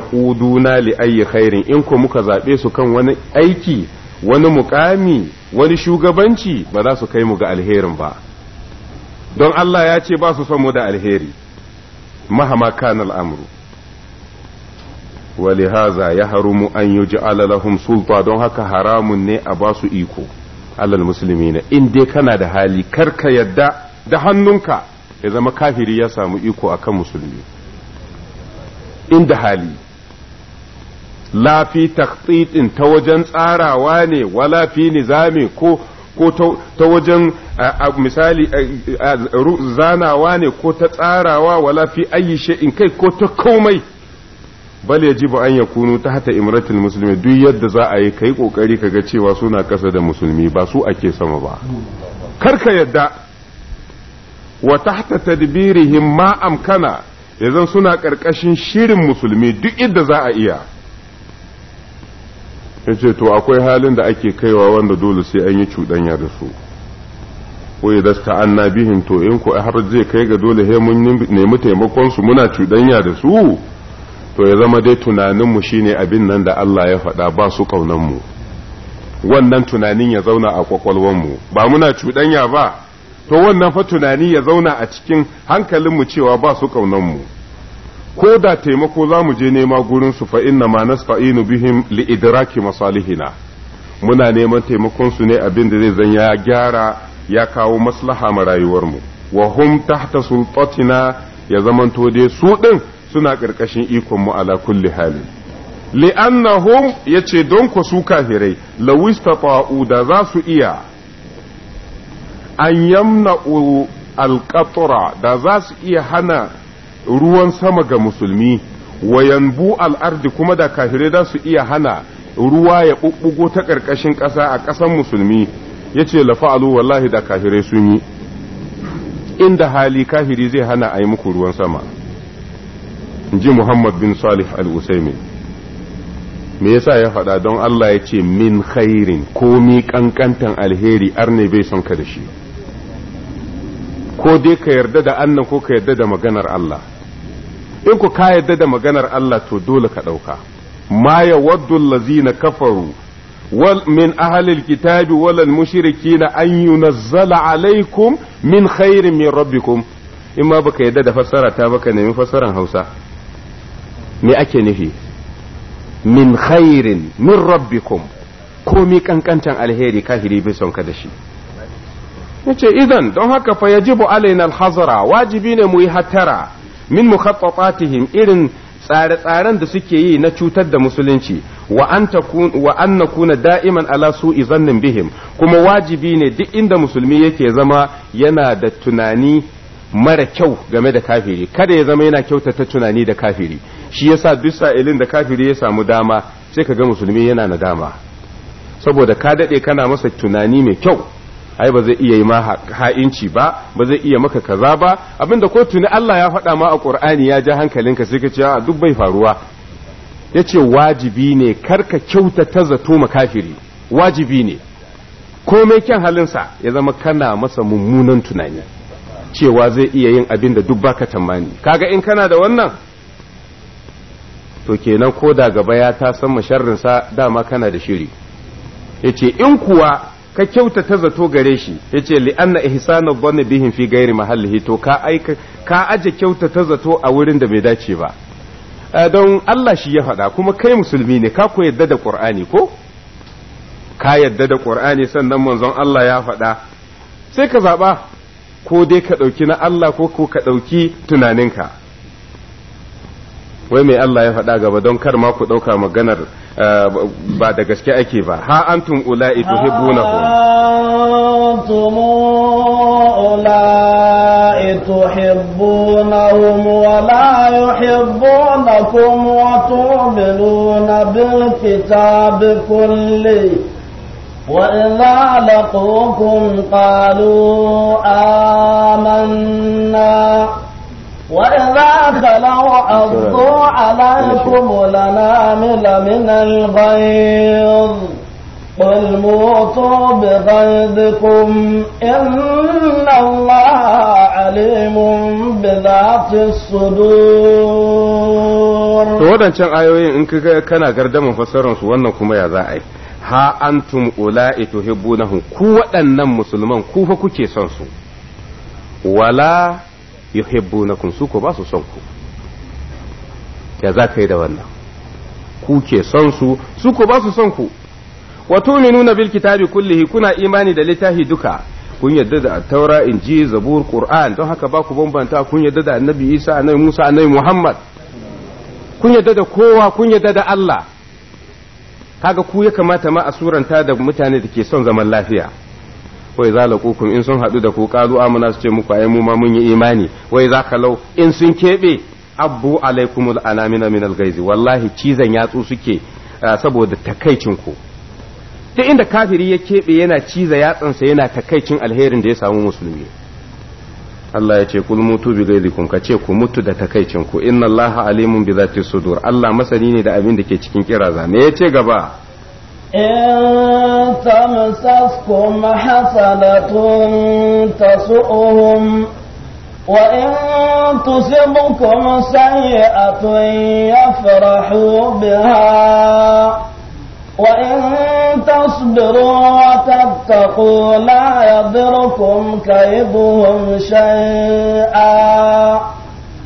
na li ayi khairin in ku muka zaɓe su kan wani aiki wani mukami wani shugabanci ba za su kai mu ga alherin ba don Allah ya ce ba su son mu da alheri mahama kana al'amru walihaza ya harumu an yi lahum sulta don haka haramun ne a ba su iko alal musulmi in dai kana da hali karka yadda da hannunka ya zama kafiri ya samu iko a kan musulmi inda hali la fi ta wajen tsarawa ne wala fi nizami ko ta wajen misali zanawa ne ko ta tsarawa wala fi ayi in kai ko ta komai bal yajibu an yakunu ta hata imratul muslimi duk yadda za a yi kai kokari kaga cewa suna kasa da musulmi ba su ake sama ba kar ka yadda wa tahta tadbirihim ma amkana yanzu suna ƙarƙashin shirin musulmi duk inda za a iya yace to akwai halin da ake kaiwa wanda dole sai an yi cuɗanya da su ko ya dasta an bihin to in ko har zai kai ga dole he mun nemi taimakonsu muna cuɗanya da su to ya zama dai tunanin mu shine abin nan da Allah ya faɗa ba su mu wannan tunanin ya zauna a mu ba muna cuɗanya ba to wannan fa tunani ya zauna a cikin hankalinmu cewa ba su mu ko da taimako za mu je nema gurinsu fa inna ma nasta'inu bihim li idraki masalihina muna neman taimakon su ne abin da zai zanya gyara ya kawo maslaha ma mu. wa hum tahta sultatina ya zamanto dai su din suna ƙarƙashin mu ala kulli halin li'annahum yace don ku su kafirai lawista ta'u da za su iya an yamna alƙatura da za su iya hana ruwan sama ga musulmi bu al'ardi kuma da kafirai za su iya hana ruwa ya ɓuɓɓugo ta ƙarƙashin ƙasa a ƙasan musulmi ya ce lafa'alu wallahi da kafirai sun yi inda hali kafiri zai hana a yi muku ruwan sama in ji muhammad bin salih al-usaimin me yasa ya faɗa don allah ya ce min khairin komi ƙanƙantan alheri arne bai son ka da shi ko dai ka yarda da annan ko ka yarda da maganar Allah in ku ka yarda da maganar Allah to dole ka ɗauka ma ya waddu allazina kafaru wal min ahlil kitabi wal mushrikina an yunazzala alaikum min khairin min rabbikum in ma baka yarda da fassara ta baka nemi fassaran Hausa me ake nufi min khairin min rabbikum komi kankantan alheri kahiri bai ka da shi yace idan don haka fa yajibu alaina al-hazara wajibi ne mu yi hattara min mukhaffafatihim irin tsare-tsaren da suke yi na cutar da musulunci wa an na kuna da'iman ala su'i zannin bihim kuma wajibi ne duk inda musulmi yake zama yana da tunani mara kyau game da kafiri kada ya zama yana kyautata tunani da kafiri shi yasa duk sa'ilin da kafiri ya samu dama sai ka ga musulmi yana nadama saboda ka daɗe kana masa tunani mai kyau ai ba zai iya yi ma ha'inci ba ba zai iya maka kaza ba abinda ko tuni Allah ya faɗa ma a Qur'ani ya ja hankalinka sai ka ce a duk bai faruwa yace wajibi ne karka ta zato makafiri wajibi ne komai kyan halin sa ya zama kana masa mummunan tunani cewa zai iya yin abin da duk baka tamani kaga in kana da wannan to kenan ko da gaba ya ta san masharrinsa dama kana da shiri yace in kuwa ka kyautata zato gare shi yace li anna ihsanu dhanni bihim fi ghairi mahallihi to ka aika ka aje kyautata zato a wurin da bai dace ba eh, don Allah shi ya faɗa kuma kai musulmi ne ka ko yadda da Qur'ani ko ka yadda da Qur'ani sannan manzon Allah ya faɗa sai ka zaɓa ko dai ka ɗauki na Allah ko ko ka ɗauki tunaninka wai mai Allah ya faɗa gaba don kar ma ku ɗauka maganar ba da gaske ake ba ha antum ula'i tuhibbunahu antum ula'i tuhibbunahum wa la yuhibbunakum wa tu'minuna bil kitabi kulli وإذا لقوكم قالوا آمنا وإذا خلوا عضوا عليكم لنامل من الغيظ قل موتوا بغيظكم إن الله عليم بذات الصدور to wadancan ayoyin in kaga kana gardamin fassarar su wannan kuma ya za a yi ha antum ula'i tuhibbunahum ku waɗannan musulman ku kuke son su wala yuhibbunakum su ko ba su son ku ya za ka yi da wannan ku ke son su su ko ba su son ku wa tu'minuna bil kitabi kullihi kuna imani da littafi duka kun yadda da taura inji zabur qur'an don haka ba ku bambanta kun yadda da annabi isa annabi musa annabi muhammad kun yadda da kowa kun yadda da allah kaga ku ya kamata ma a suranta da mutane da ke son zaman lafiya Wai za la kukum in sun haɗu da ku qalu amana su ce muku ayi mu ma mun yi imani Wai za ka lau. in sun keɓe. abbu alaikumul anamina min gaizi. wallahi cizon yatsu suke saboda takaicin ku duk inda kafiri ya keɓe yana ciza yatsansa yana takaicin alherin da ya samu musulmi Allah ya ce kul mutu bi ka ce ku mutu da takaicin ku inna Allah alimun bi zati sudur Allah masani ne da abin da ke cikin kiraza ya ce gaba إن تمسسكم حسنة تسؤهم وإن تصبكم سيئة يفرحوا بها وإن تصبروا وتتقوا لا يضركم كيدهم شيئا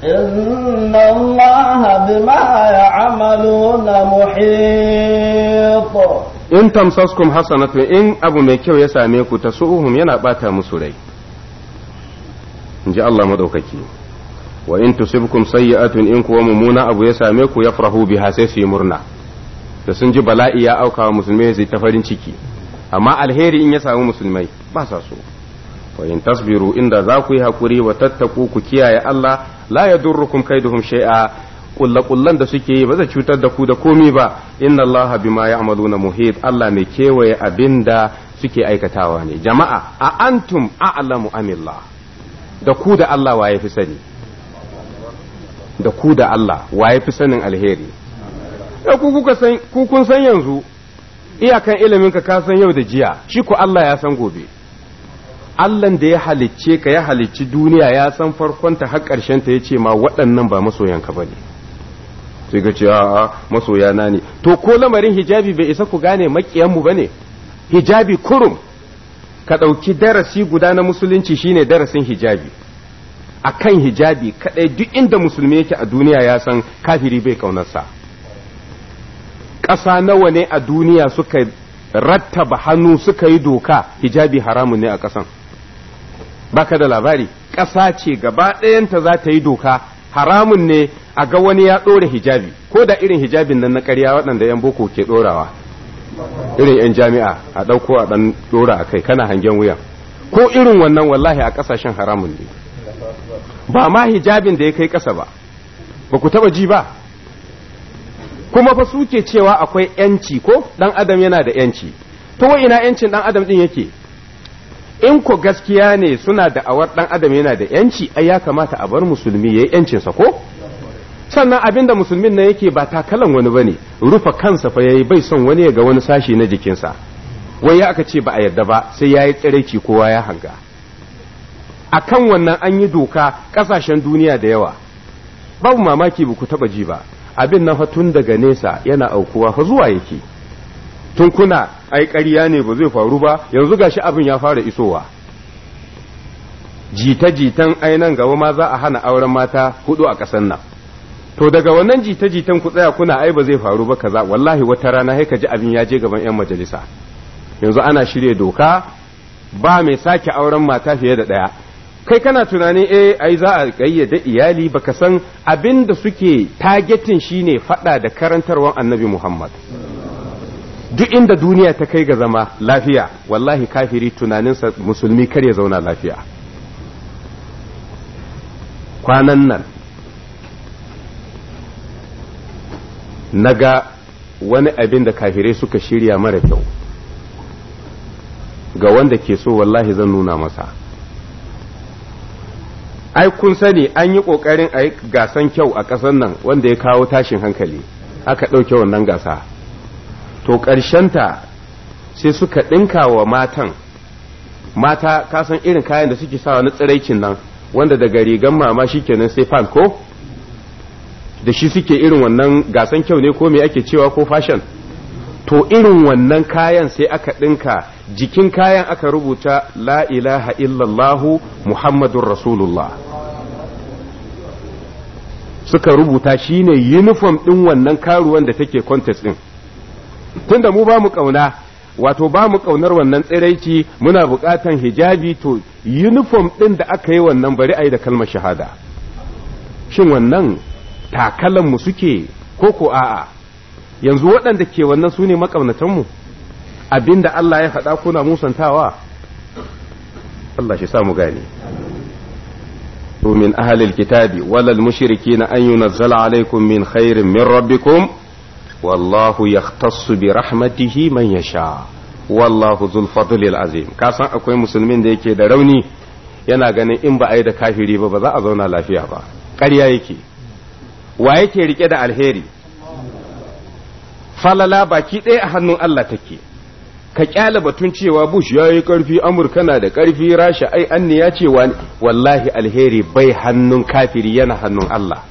إن الله بما يعملون محيط in tamsaskum hasanatu in abu mai kyau ya same ku ta su'uhum yana bata musu rai in ji Allah madaukaki wa in tusibkum sayyi'atun in kuwa mummuna abu ya same ku yafrahu biha sai su yi murna da sun ji bala'i ya auka wa musulmai zai ta farin ciki amma alheri in ya samu musulmai ba sa so wa in tasbiru inda za ku yi hakuri wa tattaku ku kiyaye Allah la yadurrukum kaiduhum shay'a kullakullan da suke yi ba zai cutar da ku da komi ba inna Allah bima ya'maluna muhit Allah mai kewaye abinda suke aikatawa ne jama'a a antum a'lamu amillah da ku da Allah waye fi sani da ku da Allah waye fi sanin alheri eh, ku kuka san ku kun san yanzu iyakan ilimin ka ka san yau da jiya shi ku Allah ya san gobe Allah da ya halicce ka ya halicci duniya ya san farkonta har ƙarshen ta ce ma waɗannan ba masoyanka bane sai ka ce a'a masoya na ne to ko lamarin hijabi bai isa ku gane makiyan mu ne hijabi kurum ka ɗauki darasi guda na musulunci shine darasin hijabi akan hijabi kadai duk inda musulmi yake a duniya ya san kafiri bai kaunarsa ƙasa nawa ne a duniya suka rattaba hannu suka yi doka hijabi haramun ne a ƙasan baka da labari ƙasa ce gaba ɗayanta za ta yi doka haramun ne a ga wani ya ɗora hijabi ko da irin hijabin nan na ƙarya waɗanda 'yan boko ke ɗorawa irin 'yan jami'a a ɗauko a ɗan ɗora a kai kana hangen wuya ko irin wannan wallahi a ƙasashen haramun ne ba ma hijabin da ya kai ƙasa ba ba ku taɓa ji ba kuma fa suke cewa akwai 'yanci ko ɗan adam yana da 'yanci ta ina 'yancin ɗan adam ɗin yake in ko gaskiya ne suna da awar dan adam yana da yanci ai ya kamata a bar musulmi yayi yancinsa ko sannan abinda musulmin nan yake ba takalan wani bane rufa kansa fa yayi bai son wani ya ga wani sashi na jikinsa wai ya aka ce ba a yarda ba sai yayi tsiraici kowa ya hanga akan wannan an yi doka kasashen duniya da yawa babu mamaki ba ku taba ji ba abin na fa tun daga nesa yana aukuwa fa zuwa yake tun kuna ai ƙarya ne ba zai faru ba yanzu gashi abin ya fara isowa jita-jitan ainan gaba ma za a hana auren mata hudu a ƙasar nan to daga wannan jita-jitan ku tsaya kuna ai ba zai faru ba kaza wallahi wata rana sai ka ji abin ya je gaban 'yan majalisa yanzu ana shirya doka ba mai sake auren mata fiye da ɗaya kai kana tunanin eh ai za a gayyade iyali baka san abin da suke targetin shine fada da karantarwar annabi Muhammad duk inda duniya ta kai ga zama lafiya wallahi kafiri tunaninsa musulmi kar ya zauna lafiya kwanan nan naga wani abin da kafirai suka shirya mara kyau ga wanda ke so wallahi zan nuna masa ai kun sani an yi ƙoƙarin a gasan kyau a ƙasan nan wanda ya kawo tashin hankali aka ɗauke wannan gasa to ƙarshen ta sai suka ɗinka wa matan mata kasan irin kayan da suke sawa na tsiraicin nan wanda daga rigan mama shi kenan sai fan ko da shi suke irin wannan gasan kyau ne ko me ake cewa ko fashion to irin wannan kayan sai aka ɗinka jikin kayan aka rubuta la ilaha illallahu muhammadun rasulullah suka rubuta shine uniform ɗin wannan karuwan da take contest ɗin tunda mu ba mu ƙauna wato ba mu ƙaunar wannan tsiraici muna buƙatan hijabi to uniform ɗin da aka yi wannan bari a yi da kalmar shahada shin wannan takalan mu suke ko ko a'a yanzu waɗanda ke wannan su ne maƙaunatanmu abinda Allah ya faɗa kuna musantawa Allah shi samu gane to min ahlil kitabi walal mushrikina an yunazzala alaikum min khairin min rabbikum wallahu ya bi rahmatihi man ya sha. wallahu zul azim ka san akwai musulmin da yake da rauni yana ganin in ba a yi da kafiri ba ba za a zauna lafiya ba ƙarya yake wa yake rike da alheri falala baki ɗaya a hannun Allah take ka kyale batun cewa Bush ya yi ƙarfi Amurka na da ƙarfi Rasha ai anni ya ce wallahi alheri bai hannun kafiri yana hannun Allah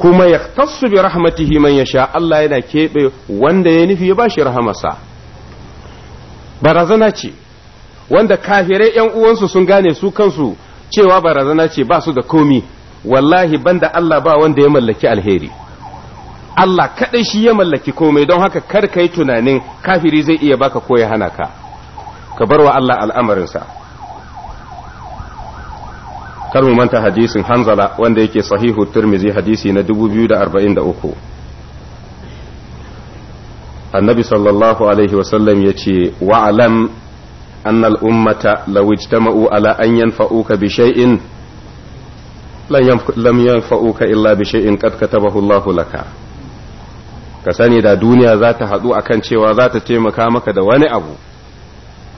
kuma ya tasu bi rahmatihi man ya sha Allah yana keɓe wanda ya nufi ya bashi shi rahamarsa barazana ce wanda kafirai yan uwansu sun gane su kansu cewa barazana ce ba su da komi wallahi banda Allah ba wanda ya mallaki alheri Allah kaɗai shi ya mallaki komai don haka kar ka yi tunanin kafiri zai iya baka ko ya hana ka ka bar wa Allah al'amarinsa kar mu manta hadisin hanzala wanda yake sahihu turmizi hadisi na 2043 annabi sallallahu alaihi wasallam ya ce wa'alam أن الأمة لو اجتمعوا على أن ينفعوك بشيء لم ينفعوك إلا بشيء قد كتبه الله laka. ka sani da duniya za ta haɗu a kan cewa za ta taimaka maka da wani abu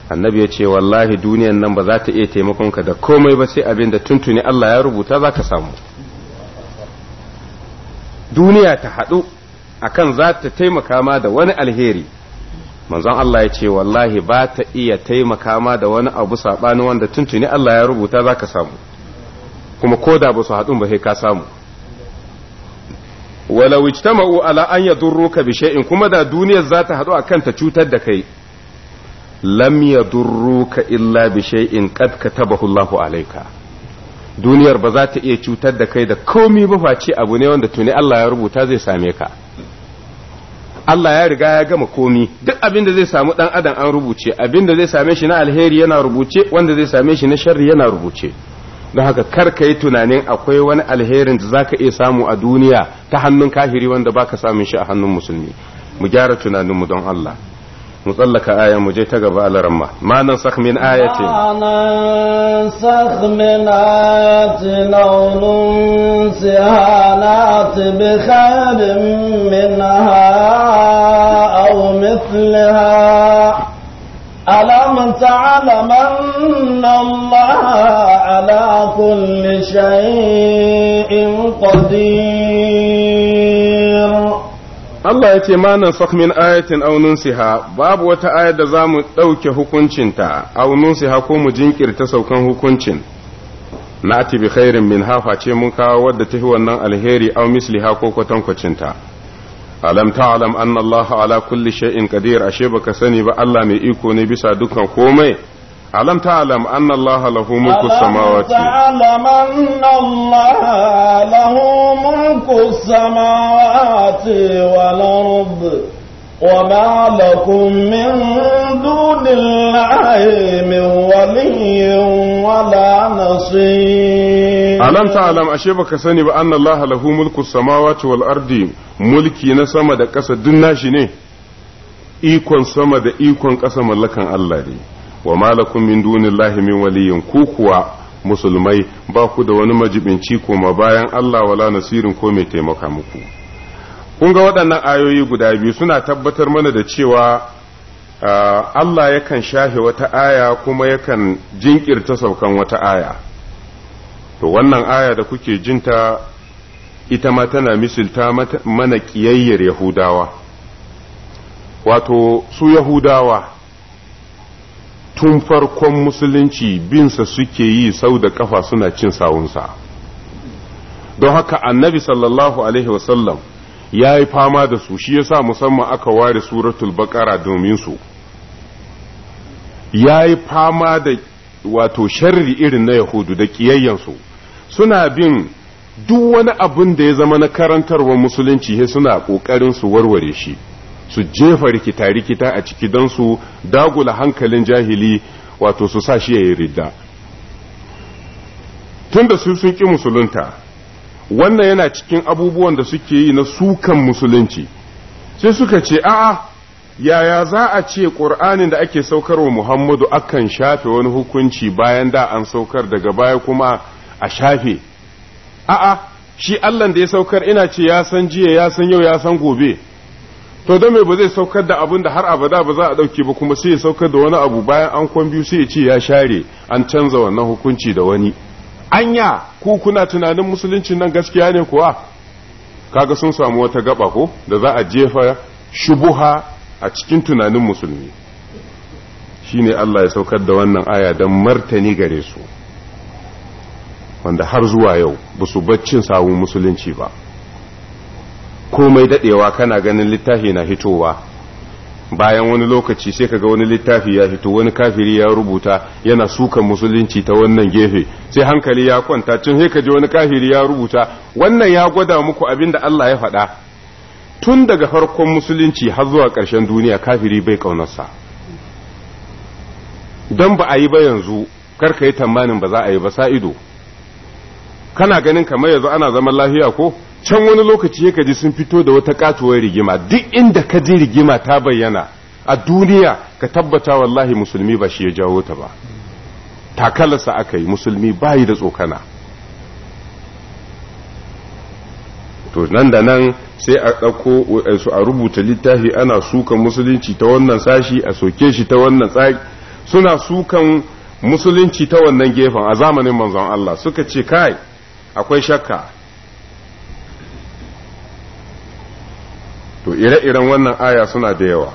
annabi ya ce wallahi duniyan nan ba za ta iya taimakonka da komai ba sai abin da tuntuni Allah ya rubuta za ka samu duniya ta haɗu akan za ta taimaka ma da wani alheri manzon Allah ya ce wallahi ba ta iya taimaka ma da wani abu saɓani wanda tuntuni Allah ya rubuta za ka samu kuma ko da ba su haɗu ba sai ka samu walau ijtama'u ala an yadurruka bi shay'in kuma da duniyar zata ta haɗu akan ta cutar da kai lam yadurruka illa bi shay'in qad katabahu Allahu alayka duniyar ba za ta iya cutar da kai da komi ba face abu ne wanda tuni Allah ya rubuta zai same ka Allah ya riga ya gama komi duk abin da zai samu dan adam an rubuce abin da zai same shi na alheri yana rubuce wanda zai same shi na sharri yana rubuce don haka kar ka yi tunanin akwai wani alherin da zaka iya samu a duniya ta hannun kafiri wanda baka samun shi a hannun musulmi mu gyara tunaninmu don Allah مطلق آية مجيتك قبل رمى ما ننسخ من آية ما ننسخ من آية أو ننسها نات بخير منها أو مثلها ألم تعلم أن الله على كل شيء قدير Allah ya ce manan min ayatin aunin siha babu wata ayar da za mu ɗauke hukuncinta aunin siha ko mu jinkirta saukan hukuncin na bi khairin min hafa ce mun kawo wadda tafi wannan alheri au misliha ko kwatankwacinta alam ta'lam anna Allah ala kulli shay'in qadir ashe baka sani ba Allah mai iko ne bisa dukkan komai alam ta'lam anna Allah lahu mulku samawati ta'lam anna Allah lahu mulku samawati wal ard وما لكم من دون الله من ولي ولا نصير ألم تعلم أشي بك سني بأن الله له ملك السماوات والأرض ملكي نسما دا قصة دنا شنه إيكون سما دا إيكون قصة ملكا الله دي wa malakum min dunillahi min waliyin ku kuwa musulmai ba ku da wani majibinci kuma bayan Allah wala nasirin ko mai taimaka muku kun ga waɗannan ayoyi guda biyu suna tabbatar mana da cewa Allah yakan shafe wata aya kuma yakan jinkirta saukan wata aya to wannan aya da kuke jinta ita ma tana misilta mana kiyayyar Yahudawa wato su Yahudawa tun farkon musulunci binsa suke yi sau da kafa suna cin sawunsa don haka annabi sallallahu alaihi wasallam ya yi fama da su shi yasa musamman aka ware suratul baqara domin su ya yi fama da wato sharri irin na yahudu da ƙiyayyansu suna bin duk wani abin da ya zama na karantarwa musulunci he suna ƙoƙarin su warware shi su jefa rikita rikita a ciki don su dagula hankalin jahili wato su sa shi ya yi ridda da su sun ƙi musulunta wannan yana cikin abubuwan da suke yi na sukan musulunci sai suka ce a'a yaya za a ce ƙur'anin da ake saukar wa muhammadu akan shafe wani hukunci bayan da an saukar daga baya kuma a shafe a'a shi allah da ya saukar ina ce ya san jiya ya san yau ya san gobe to don me ba zai saukar da abin da har abada ba za a ɗauke ba kuma sai ya saukar da wani abu bayan an kwan biyu sai ya ce ya share an canza wannan hukunci da wani anya ku kuna tunanin musulunci nan gaskiya ne kuwa kaga sun samu wata gaba ko da za a jefa shubuha a cikin tunanin musulmi shine Allah ya saukar da wannan aya don martani gare su wanda har zuwa yau ba su baccin samun musulunci ba komai daɗewa kana ganin littafi na hitowa bayan wani lokaci sai kaga wani littafi ya hito wani kafiri ya rubuta yana sukan musulunci ta wannan gefe sai hankali ya kwanta tun sai kaje wani kafiri ya rubuta wannan ya gwada muku abin da Allah ya faɗa tun daga farkon musulunci har zuwa ƙarshen duniya kafiri bai kaunarsa don ba a yi ba yanzu karka yi tamanin ba za a yi ba sa ido kana ganin kamar yanzu ana zaman lafiya ko can wani lokaci ya ji sun fito da wata katuwar rigima duk inda ka ji rigima ta bayyana a duniya ka tabbata wallahi musulmi ba shi ya jawo ta ba takalarsa aka yi musulmi bayi da tsokana to nan da nan sai a ɗauko su a rubuta littafi ana sukan musulunci ta wannan sashi a soke shi ta wannan tsari suna sukan musulunci ta wannan gefen a zamanin manzon Allah suka ce kai akwai shakka to ire-iren wannan aya suna da yawa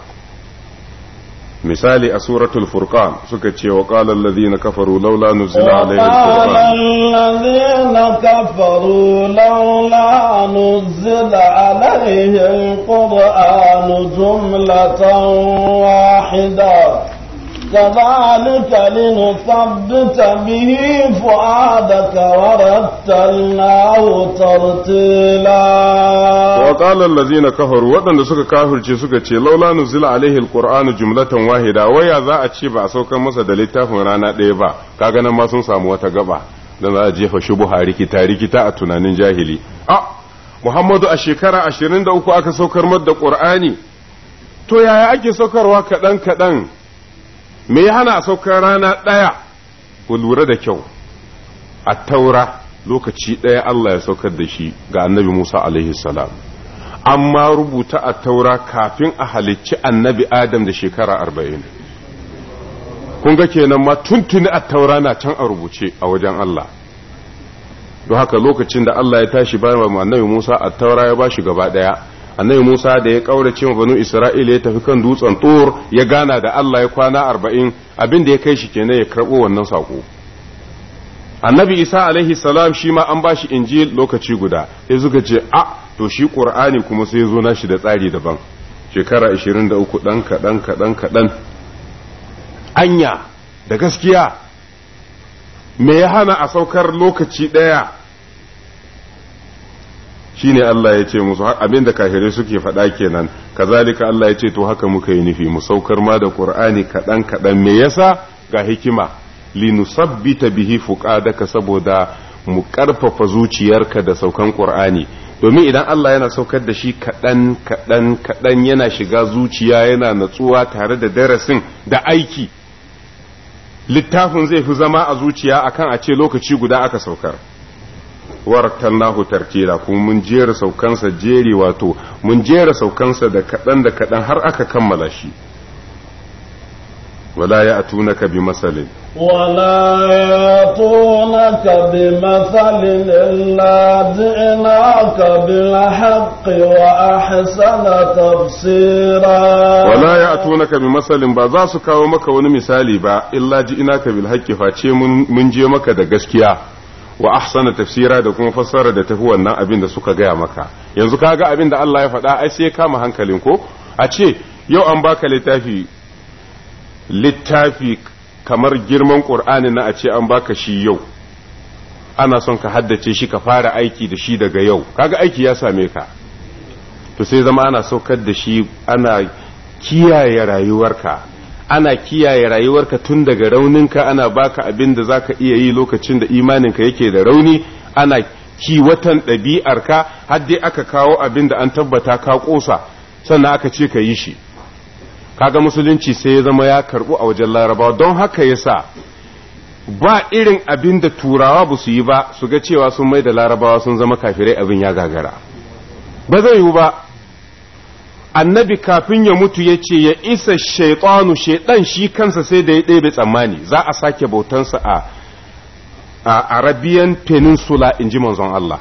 misali a suratul furqan suka ce wa qala allazina kafaru laula nuzila alayhi alquran allazina kafaru laula nuzila alayhi alquran jumlatan wahida كذلك لنثبت به فؤادك ورتلناه ترتيلا وقال الذين كفروا ودن suka kafirce suka ce laula nuzila alaihi alqur'anu jumlatan wahida waya za a ce ba a saukar masa da littafin rana ɗaya ba kaga nan ma sun samu wata gaba dan za a jefa shubuha rikita rikita a tunanin jahili a Muhammadu a shekara uku aka saukar mar da Qur'ani to yaya ake saukarwa kaɗan kaɗan me ya hana a saukar rana ɗaya ku lura da kyau a taura lokaci ɗaya Allah ya saukar da shi ga annabi Musa alaihi salam amma rubuta a taura kafin a halicci annabi Adam da shekara arba'in kun ga kenan ma tuntuni a taura na can a rubuce a wajen Allah don haka lokacin da Allah ya tashi bayan annabi Musa a taura ya ba shi gaba ɗaya annabi Musa da ya kaurace ma banu Isra'ila ya tafi kan dutsen Tur ya gana da Allah ya kwana arba'in abin da ya kai shi kenan ya karɓo wannan sako annabi Isa alaihi salam shi ma an bashi injil lokaci guda sai suka ce a to shi Qur'ani kuma sai zo nashi da tsari daban shekara 23 dan kadan kadan kadan anya da gaskiya me ya hana a saukar lokaci daya shine Allah ya ce musu abin da kafirai suke faɗa kenan kazalika Allah ya ce to haka muka yi nufi mu saukar ma da Qur'ani kaɗan kaɗan me yasa ga hikima linusabbita bihi fuqadaka saboda mu karfafa zuciyarka da saukan Qur'ani domin idan Allah yana saukar da shi kaɗan kaɗan kaɗan yana shiga zuciya yana natsuwa tare da darasin da aiki littafin zai fi zama a zuciya akan a ce lokaci guda aka saukar warta lahu tartila kuma mun jera saukansa jeri wato mun jera saukansa da kaɗan da kaɗan har aka kammala shi wala ya atuna ka bi masalin wala ya atuna ka bi masalin illa dina ka bi haqqi wa ahsana tafsira wala ya atuna ka bi masalin ba za su kawo maka wani misali ba illa ji ina ka bil haqqi ce mun je maka da gaskiya wa ahsana tafsira da kuma fassara da tafi wannan abin da suka gaya maka yanzu kaga abin da Allah ya faɗa ai sai kama hankalin ko a ce yau an baka littafi littafi kamar girman qur'ani na a ce an baka shi yau ana son ka haddace shi ka fara aiki da shi daga yau kaga aiki ya same ka to sai zama ana saukar da shi ana kiyaye rayuwarka ana kiyaye rayuwarka tun daga rauninka ana baka abin da zaka iya yi lokacin da imaninka yake da rauni ana kiwatan ɗabi'arka har dai aka kawo abin da an tabbata ka ƙosa sannan aka ce ka yi shi kaga musulunci sai ya zama ya karbu a wajen larabawa don haka yasa ba irin abin da turawa ba su yi ba su ga cewa sun mai da larabawa sun zama kafirai abin ya gagara ba zai yiwu ba annabi kafin ya mutu ya ce ya isa shaitanu shaitan shi kansa sai da ya ɗebe tsammani za a sake bautansa a arabian peninsula in ji manzon Allah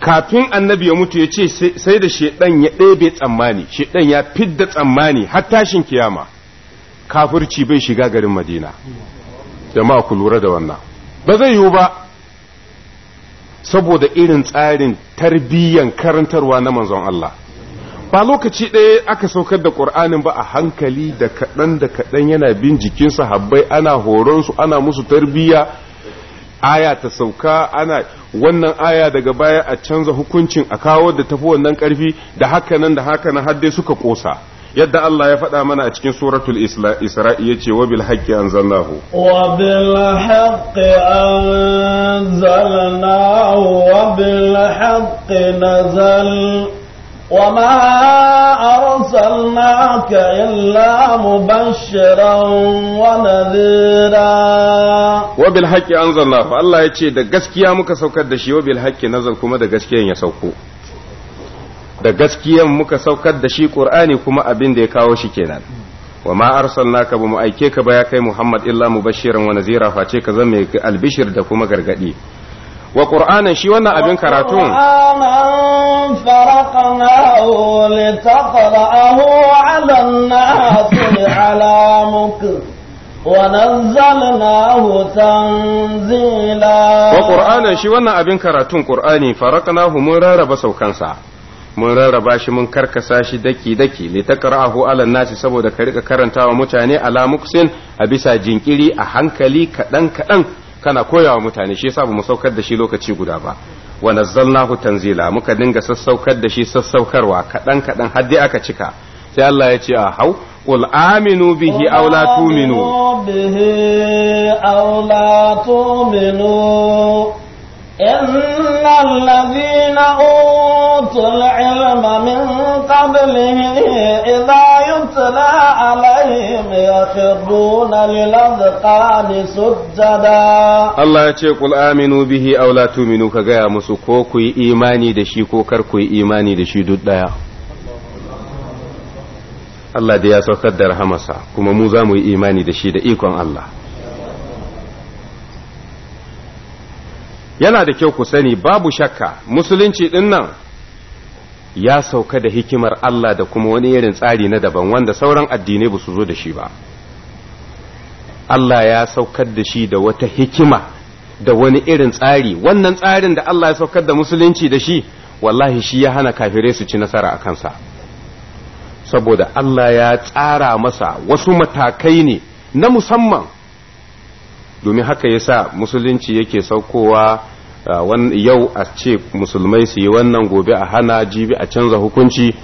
kafin annabi ya mutu ya ce sai da shaitan ya ɗebe tsammani shaitan ya fidda tsammani har tashin kiyama kafirci bai shiga garin madina jama'a ku lura da wannan ba zai yiwu ba saboda irin tsarin tarbiyyan karantarwa na manzon Allah ba lokaci ɗaya aka saukar da ƙur'anin ba a hankali da kaɗan da kaɗan yana bin jikin sahabbai ana horonsu ana musu tarbiyya aya ta sauka ana wannan aya daga baya a canza hukuncin a kawo da tafi wannan ƙarfi da hakanan da haka nan dai suka ƙosa yadda Allah ya faɗa mana a cikin suratul Isra'i ya ce wabil haqqi anzalnahu wabil haqqi anzalnahu wabil haqqi nazal وما أرسلناك إلا مبشرا ونذيرا وبالحق أنزلنا فالله يتشي دا قسكيا مكا سوكا دشي وبالحق نزل كما دا قسكيا يسوكو da gaskiyan muka saukar da shi ƙur'ani kuma abin da ya kawo shi kenan wa ma arsalnaka ba mu aike ka ba ya kai Muhammad illa mubashiran wa nazira face ka zama albishir da kuma gargadi wa qur'anan shi wannan abin karatu qur'anan faraqnahu wannan abin karatun Qur'ani faraqnahu mun rarraba saukansa mun rarraba shi mun karkasa shi daki daki li ala nasi saboda ka rika karantawa mutane ala a bisa jinkiri a hankali kaɗan-kaɗan. kana koya wa mutane shi yasa bamu saukar da shi lokaci guda ba wa nazzalnahu tanzila muka dinga sassaukar da shi sassaukarwa kadan kadan har dai aka cika sai Allah ya ce a hau ul aminu bihi أو tuminu. إن الذين أوتوا العلم من قبله إذا يتلى عليهم يخرون للأذقان سجدا الله يقول آمنوا به أو لا تؤمنوا كغير مسكو كوي إيماني دشي كو كركوي إيماني دشي دود Allah da ya saukar da rahamarsa kuma mu za mu yi imani da shi da ikon Allah. yana da kyau ku sani babu shakka musulunci din nan ya sauka da hikimar Allah da kuma wani irin tsari na daban wanda sauran addinai ba su zo da shi ba Allah ya saukar da shi da wata hikima da wani irin tsari wannan tsarin da Allah ya saukar da musulunci da shi wallahi shi ya hana kafirai su ci nasara a kansa saboda Allah ya tsara masa wasu matakai ne na musamman domin haka ya sa musulunci yake saukowa yau a ce musulmai su yi wannan gobe a hana jibi a canza hukunci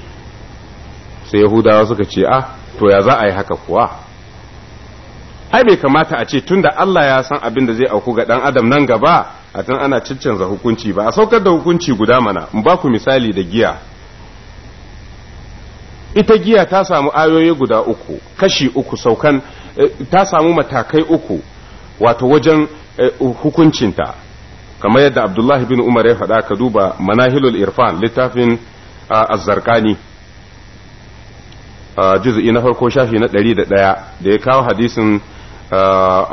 sai yahudawa suka ce ah to ya za a yi haka kuwa ai bai kamata a ce tunda Allah ya san abin da zai auku ga dan adam nan gaba a tun ana ciccanza hukunci ba a saukar da hukunci guda mana in ba ku misali da giya ita giya ta samu ayoyi guda uku kashi uku saukan eh, ta samu matakai uku wato wajen eh, hukuncinta kamar yadda abdullahi bin umar ya faɗa ka duba manahilul irfan littafin azzarkani juz'i na farko shafi na ɗari da ɗaya da ya kawo hadisin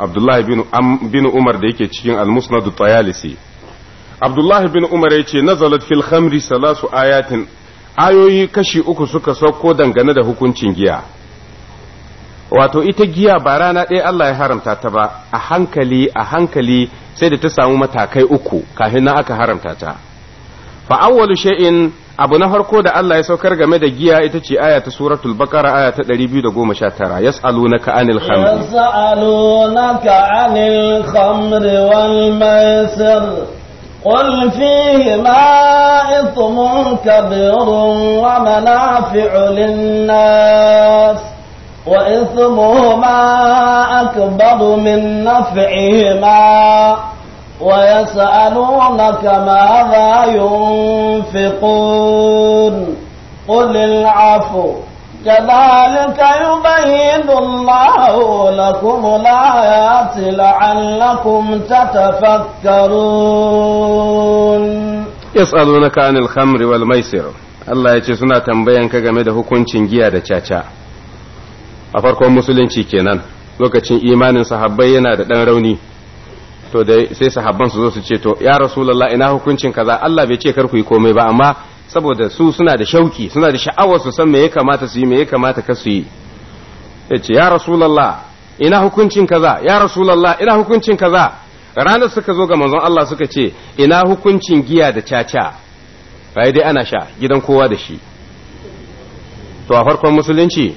abdullahi bin umar da yake cikin almusnadu tayalisi abdullahi bin umar ya ce nazalat fil khamri salasu ayatin ayoyi kashi uku suka sauko dangane da hukuncin giya wato ita giya ba rana ɗaya Allah ya haramta ta ba a hankali a hankali sai da ta samu matakai uku kafin na aka haramta ta fa awwalu shay'in abu na farko da Allah ya saukar game da giya ita ce aya ta suratul baqara aya ta 219 yas'alunaka anil khamr yas'alunaka anil khamr wal maisir قل فيهما إثم كبير ومنافع للناس وإثمهما أكبر من نفعهما ويسألونك ماذا ينفقون قل العفو كذلك يبين الله لكم الآيات لعلكم تتفكرون يسألونك عن الخمر والميسر الله يجزنا تنبيا كجمد هكونش جيادة تشاتشا a farkon musulunci kenan lokacin imanin sahabbai yana da ɗan rauni to da sai sahabban su zo su ce to ya rasulullah ina hukuncin kaza Allah bai ce kar ku yi komai ba amma saboda su suna da shauki suna da sha'awar su san me ya kamata su yi me ya kamata ka su yi ya ce ya rasulullah ina hukuncin kaza ya rasulullah ina hukuncin kaza ranar suka zo ga manzon Allah suka ce ina hukuncin giya da caca bai dai ana sha gidan kowa da shi to a farkon musulunci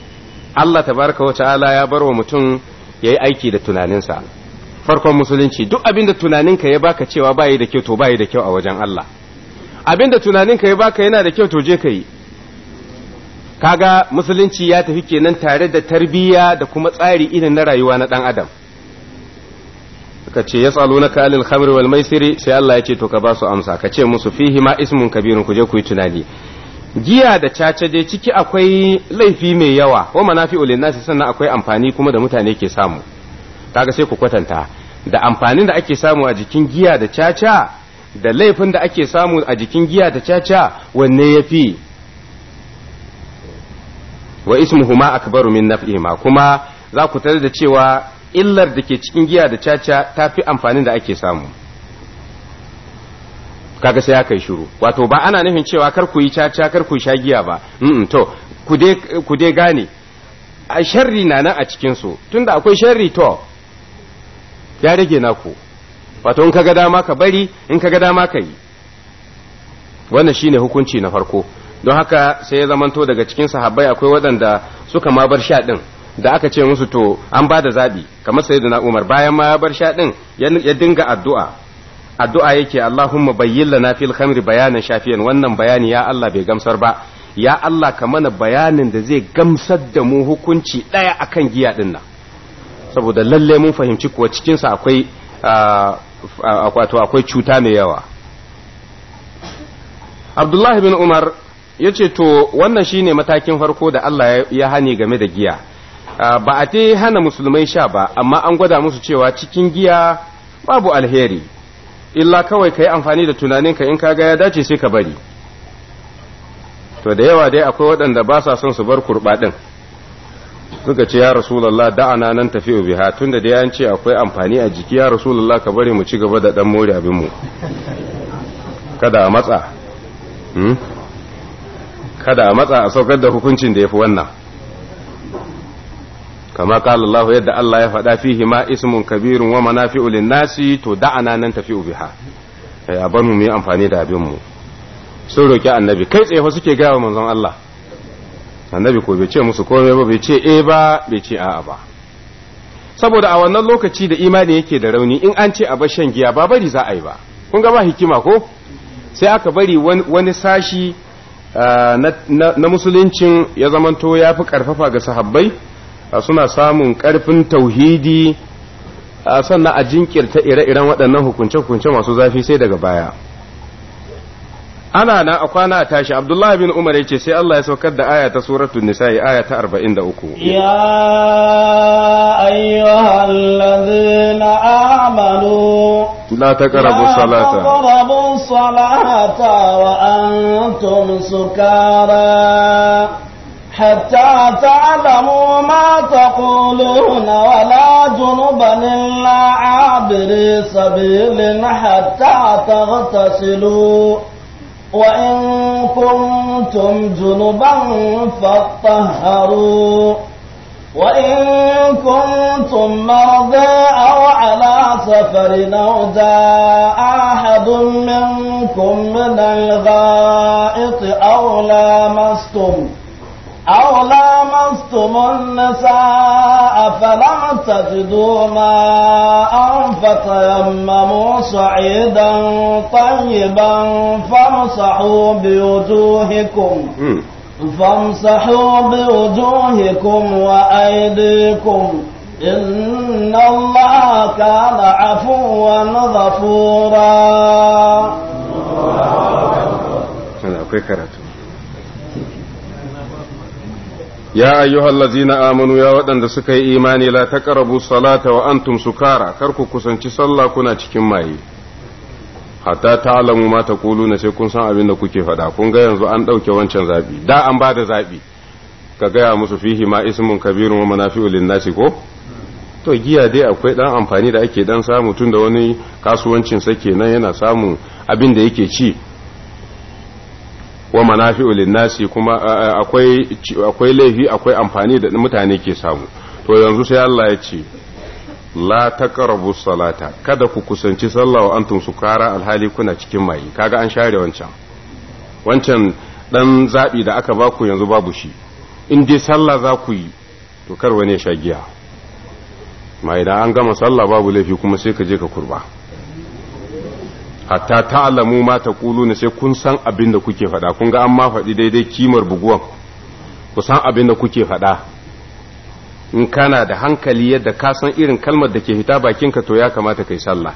Allah ta tabaraka wa ta'ala ya bar wa mutum ya yi aiki da tunaninsa farkon musulunci duk abin da tunaninka ya baka cewa bayi da kyau to bayi da kyau a wajen Allah abin da tunaninka ya baka yana da kyau to je ka yi kaga musulunci ya tafi kenan tare da tarbiyya da kuma tsari irin na rayuwa na dan adam Ka ce ya tsalo na kalil khamri wal maisiri sai Allah ya ce to ka ba su amsa ka ce musu fihi ma ismun kabirun ku je ku yi tunani giya da caca dai ciki akwai laifi mai yawa wa manafi'u linnasi sannan akwai amfani kuma da mutane ke samu kaga sai ku kwatanta da amfanin da ake samu a jikin giya da caca da laifin da ake samu a jikin giya da caca wanne yafi wa ismuhuma akbaru min naf'ihima kuma za ku tare da cewa illar da ke cikin giya da caca tafi amfanin da ake samu kaga sai aka yi shiru wato ba ana nufin cewa kar ku yi caca kar ku yi shagiya ba mm to ku dai ku gane a sharri na nan a cikin su tunda akwai sharri to ya rage naku wato in kaga dama ka bari in kaga dama ka yi wannan shine hukunci na farko don haka sai ya zamanto daga cikin sahabbai akwai waɗanda suka ma bar sha din da aka ce musu to an ba da zaɓi kamar sai da umar bayan ma ya bar sha ɗin ya dinga addu'a addu'a yake Allahumma bayyin lana fil khamri bayanan shafiyan wannan bayani ya Allah bai gamsar ba ya Allah ka mana bayanin da zai gamsar da mu hukunci ɗaya akan giya ɗin nan saboda lalle mun fahimci kuwa cikinsa akwai akwai cuta mai yawa Abdullahi bin Umar yace to wannan shine matakin farko da Allah ya hani game da giya ba a hana musulmai sha ba amma an gwada musu cewa cikin giya babu alheri illa kawai ka yi amfani da tunaninka in ka ga ya dace sai ka bari to da yawa dai akwai waɗanda ba sa son su bar kurɓaɗin suka ce ya rasulallah da'ana nan tafi ubiha tunda da ya ce akwai amfani a jiki ya rasulallah ka bari mu ci gaba da ɗan more abinmu kada matsa hmm? kada a matsa a saukar da hukuncin da ya fi wannan kama qala Allah yadda Allah ya faɗa fihi ma ismun kabirun wa manafi'u lin to to da'ana nan tafi'u ubiha. Eh, a bar mu amfani da abin mu sun roki annabi kai tsaye fa suke gaya manzon Allah annabi ko bai ce musu komai ba bai ce eh ba bai ce a'a ba saboda a wannan lokaci da imani yake da rauni in an ce a bar shan giya ba bari za a yi ba kun ga ba hikima ko sai aka bari wani sashi ah, na musuluncin ya zamanto ya fi karfafa ga sahabbai suna samun ƙarfin tauhidi sannan a jinkirta ire-iren waɗannan hukunce-hukunce masu zafi sai daga baya ana na a kwana a tashi abdullahi bin umar ya ce sai Allah ya saukar da aya ta suratul nisa'i aya ta 43 ya ayyuhallazina amanu la taqrabu salata la taqrabu salata wa antum sukara حتى تعلموا ما تقولون ولا جنبا إلا عابر سبيل حتى تغتسلوا وإن كنتم جنبا فاطهروا وإن كنتم مرضى أو على سفر أو جاء أحد منكم من الغائط أو لامستم أو لامستم النساء فلم تجدوا ماء فتيمموا صعيدا طيبا فامسحوا بوجوهكم فامسحوا بوجوهكم وأيديكم إن الله كان عفوا غفورا. ya ayyuhal ladzina amanu ya waɗanda suka yi imani la taqrabu salata wa antum sukara kar ku kusanci sallah kuna cikin maye hatta ta'lamu ma taquluna sai kun san abin da kuke faɗa kun ga yanzu an ɗauke wancan zabi da an ba da zabi ka gaya musu fihi ma Kabiru kabirun wa manafi'u lin-nasi ko to giya dai akwai ɗan amfani da ake dan samu tun da wani kasuwancin sa kenan yana samun abin da yake ci wa manafi'u linnasi kuma akwai akwai laifi akwai amfani da mutane ke samu to yanzu sai Allah ya ce la taqrabu salata kada ku kusanci sallah wa antum sukara alhali kuna cikin mayi kaga an share wancan wancan dan zabi da aka baku yanzu babu shi in dai sallah za ku yi to kar wani ya sha giya ma an gama sallah babu laifi kuma sai ka je ka kurba hatta alamu ma ta ne sai kun san abin da kuke faɗa kun ga an ma faɗi daidai kimar buguwan ku san abin da kuke faɗa in kana da hankali yadda ka san irin kalmar da ke fita bakinka to ya kamata kai sallah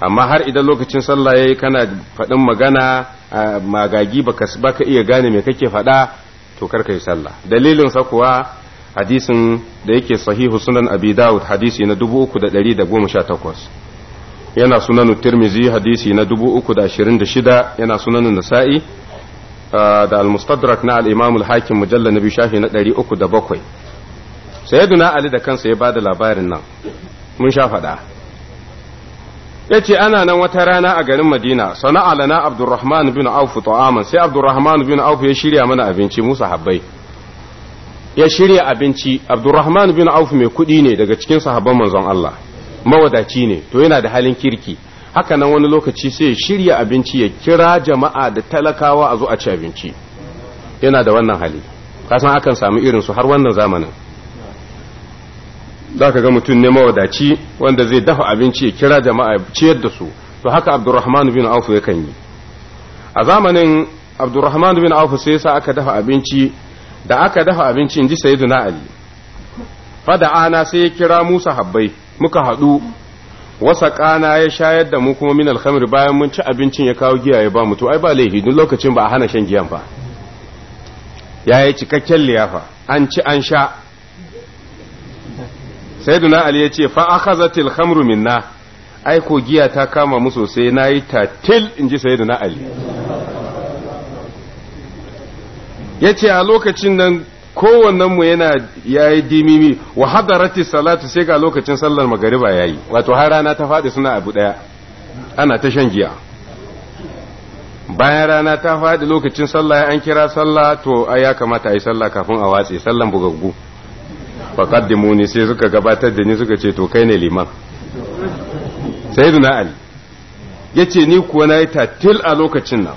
amma har idan lokacin sallah yayi kana faɗin magana magagi baka baka iya gane me kake faɗa to kar kai sallah dalilin sa kuwa hadisin da yake sahihu sunan abi daud hadisi na 3318 yana sunanu tirmizi hadisi na 326 yana sunan nasa'i da al-mustadrak na al-imam al-hakim mujalla na shafi na 307 sayyiduna ali da kansa ya ba da labarin nan mun sha faɗa ya ce ana nan wata rana a garin madina sana'a lana abdurrahman bin auf ta'aman sai abdurrahman bin auf ya shirya mana abinci musa habbai ya shirya abinci abdurrahman bin auf mai kuɗi ne daga cikin sahabban manzon Allah mawadaci ne to yana da halin kirki haka nan wani lokaci sai shirya abinci ya kira jama'a da talakawa a zo a ci abinci yana da wannan hali kasan akan samu irin su har wannan zamanin za ka ga mutum ne mawadaci wanda zai dafa abinci ya kira jama'a ya ciyar da su to haka abdurrahman bin auf kan yi a zamanin abdurrahman bin auf sai yasa aka dafa abinci da aka dafa abinci inji sayyiduna ali fada ana sai ya kira musa habbai muka haɗu wasa ƙana ya shayar da mu kuma min alhamir bayan mun ci abincin ya kawo giya ya ba mu to ai ba laifi duk lokacin ba a hana shan giyan ba ya cikakken liyafa an ci an sha sayyiduna ali ya ce fa akhazatil khamru minna ai ko giya ta kama mu sosai nayi tatil inji sayyiduna ali yace a lokacin nan kowannen mu yana yayi dimimi wa hadarati salatu sai ga lokacin sallar magariba yayi wato har rana ta faɗi suna abu daya ana ta shan giya bayan rana ta faɗi lokacin sallah an kira sallah to ya kamata a yi sallah kafin a watse sallan bugaggu faƙaddimu ni sai suka gabatar da ni suka ce to kai ne liman sayyiduna ali yace ni kuwa na yi tatil a lokacin nan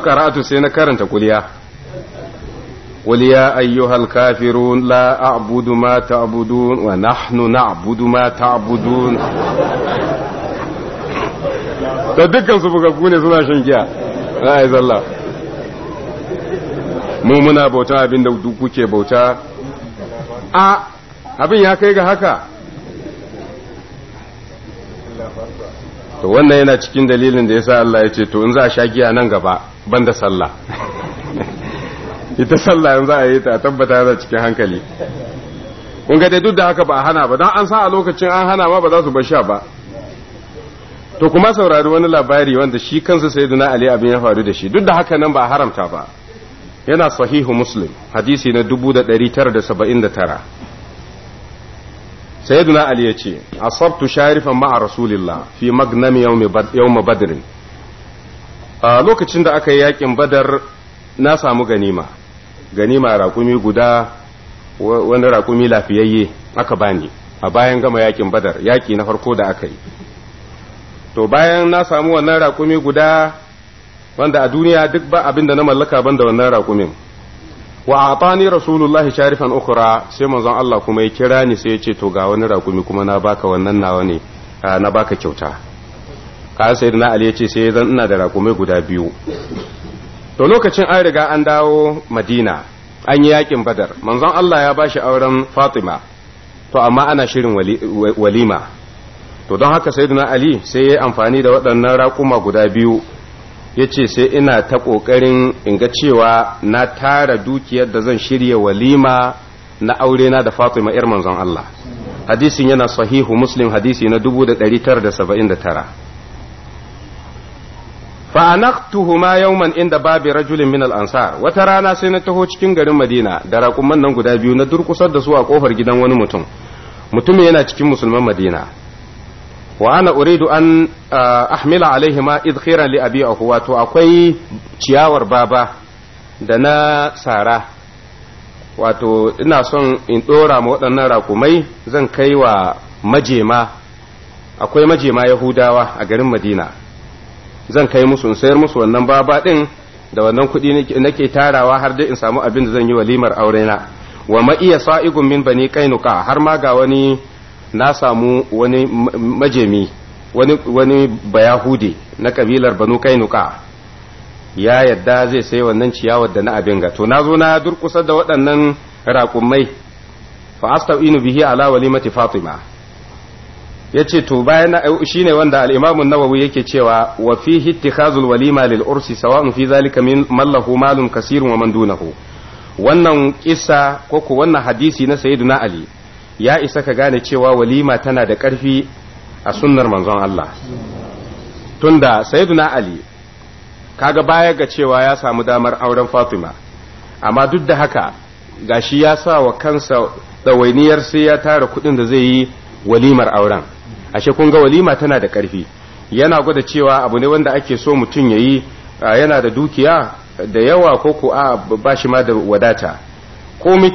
qara'atu sai na karanta kuliya قل يا أيها الكافرون لا أعبد ما تعبدون ونحن نعبد ما تعبدون da dukkan su bugaggu ne suna shan giya ra'ayi zalla mu muna bauta abin da duk kuke bauta a to wannan yana cikin dalilin da yasa Allah ya ce to in za a sha giya nan gaba banda sallah ita sallah yanzu a yi ta tabbata yana cikin hankali kun ga dai duk da haka ba a hana ba don an sa a lokacin an hana ma ba za su bar sha ba to kuma saurari wani labari wanda shi kansa na ali abin ya faru da shi duk da haka nan ba a haramta ba yana sahihu muslim hadisi na 1979 na ali ya ce asabtu sharifan ma'a rasulillah fi magnam yawm badr a lokacin da aka yi yakin badar na samu ganima ganima rakumi guda wani rakumi lafiyayye aka bani a bayan gama yakin badar yaki na farko da aka yi to bayan na samu wannan raƙumi guda wanda a duniya duk ba abin da na mallaka ban da wannan rakumin wa atani rasulullah sharifan ukura sai manzon Allah kuma ya kira ni sai ya ce to ga wani rakumi kuma na baka wannan nawa ne na baka kyauta ka sayyidina ali ya ce sai zan ina da raƙumi guda biyu to lokacin an riga an dawo madina an yi yakin badar manzon Allah ya bashi auren fatima to amma ana shirin walima to don haka sayyidina ali sai ya amfani da waɗannan raƙuma guda biyu ya ce sai ina ta ƙoƙarin in ga cewa na tara dukiyar da zan shirya walima na aure na da fatima yar manzon Allah hadisin yana sahihu muslim hadisi na 1979 fa anaqtuhuma yawman inda babi rajulin min al ansar wata rana sai na taho cikin garin Madina da raƙuman nan guda biyu na durkusar da su a kofar gidan wani mutum mutumin yana cikin musulman Madina wa ana uridu an ahmila alaihima idkhiran li abi wato akwai ciyawar baba da na sara wato ina son in ɗora ma waɗannan raƙumai zan kai wa majema akwai majema yahudawa a garin madina zan kai musu in sayar musu wannan baba din da wannan kuɗi nake tarawa har dai in samu abin da zan yi walimar aure na wa ma iya sa'igun min bani kainuka har ma ga wani na samu wani majemi wani wani bayahudi na kabilar banu kainuka ya yadda zai sai wannan ciyawar da na abin ga to na zo na durkusa da waɗannan raƙumai fa astau'inu bihi ala walimati fatima ya ce to bayan eh, shi ne wanda al'imamun nawawi yake cewa wa fi hittikhazul walima lil ursi sawa'un fi zalika min mallahu malun kasirun wa man dunahu wannan kissa ko ko wannan hadisi na sayyiduna ali ya isa ka gane cewa walima tana da ƙarfi a sunnar manzon Allah tunda sayyiduna ali kaga baya ga cewa ya samu damar auren fatima amma duk da haka gashi ya sa wa kansa ɗawainiyar sai ya tara kuɗin da zai yi walimar auren ashe kun ga walima tana da ƙarfi yana gwada cewa abu ne wanda ake so mutum ya yi yana da dukiya da yawa ko ko a ba shi ma da wadata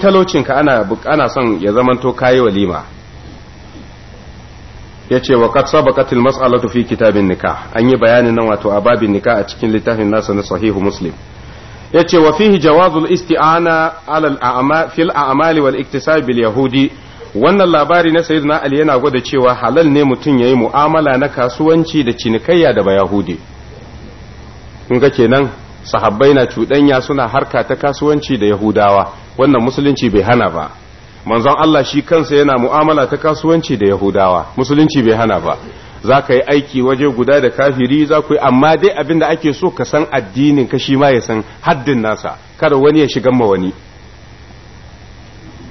talocin ka ana ana son ya zamanto kayi walima ya ce wa kad sabaqatil mas'alatu fi kitabin nikah an yi bayanin nan wato a babin nikah a cikin littafin nasa na sahihu muslim ya ce wa fihi jawazul isti'ana alal a'ma fil a'mali wal iktisab bil yahudi wannan labari na na ali yana gwada cewa halal ne mutum ya yi mu'amala na kasuwanci da cinikayya da bayahudi kun ga kenan sahabbai na cuɗanya suna harka ta kasuwanci da yahudawa wannan musulunci bai hana ba manzon Allah shi kansa yana mu'amala ta kasuwanci da yahudawa musulunci bai hana ba za ka yi aiki waje guda da kafiri za ku yi amma dai abin da ake so ka san addinin ka shi ma ya san haddin nasa kada wani ya shigan ma wani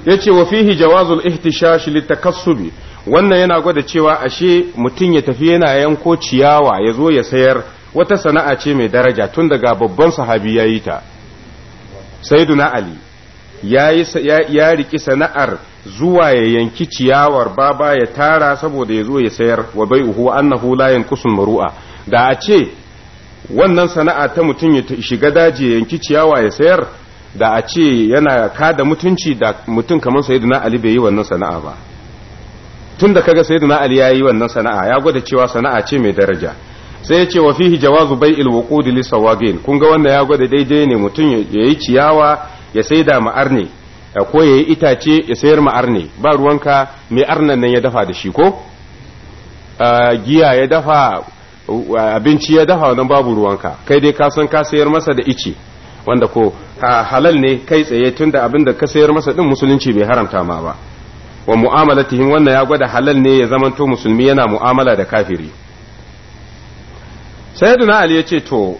yace wa fihi jawazul ihtishash litakassubi wannan yana gwada cewa ashe mutum ya tafi yana yanko ciyawa ya zo ya sayar wata sana'a ce mai daraja tun daga babban sahabi ya yi ta sayyiduna ali ya riki sana'ar zuwa ya yanki ciyawar baba ya tara saboda ya zo ya sayar wa bai uhu annahu la yankusul muru'a da a ce wannan sana'a ta mutum ya shiga daji ya yanki ciyawa ya sayar da a ce yana ka da mutunci da mutum kamar sayyidina ali bai yi wannan sana'a ba tun da kaga sayyidina ali ya yi wannan sana'a ya gwada cewa sana'a ce mai daraja sai ya ce wa fihi jawazu bai'il wuqud li sawabin kun ga wannan ya gwada daidai ne mutum ya yi ciyawa ya saida ma arne ko ya yi itace ya sayar ma arne ba ruwanka mai arnan nan ya dafa da shi ko giya ya dafa abinci ya dafa wannan babu ruwanka kai dai ka san ka sayar masa da ice wanda ko halal ne kai tsaye tunda abin da ka sayar masa din musulunci bai haramta ma ba wa mu'amalatihim wannan ya gwada halal ne ya zamanto musulmi yana mu'amala da kafiri sayyiduna ali yace to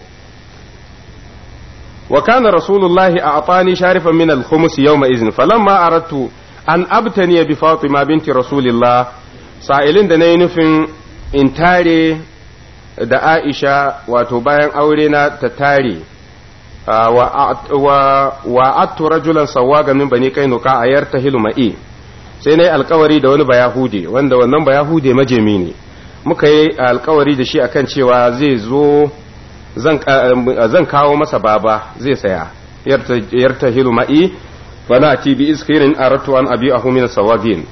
wa kana rasulullahi a atani sharifan min al-khums yawma izin falamma aradtu an abtaniya bi fatima binti rasulillah sa'ilin da nayi nufin in tare da aisha wato bayan aure na ta tare wa attu rajulan sawaga min bani kainuka a yartahilu ma'i sai nayi alkawari da wani bayahude wanda wannan bayahude majemi ne muka yi alkawari da shi akan cewa zai zo zan kawo masa baba zai saya yartahilu ma'i wala ti bi iskirin aratu an abi ahu min sawagin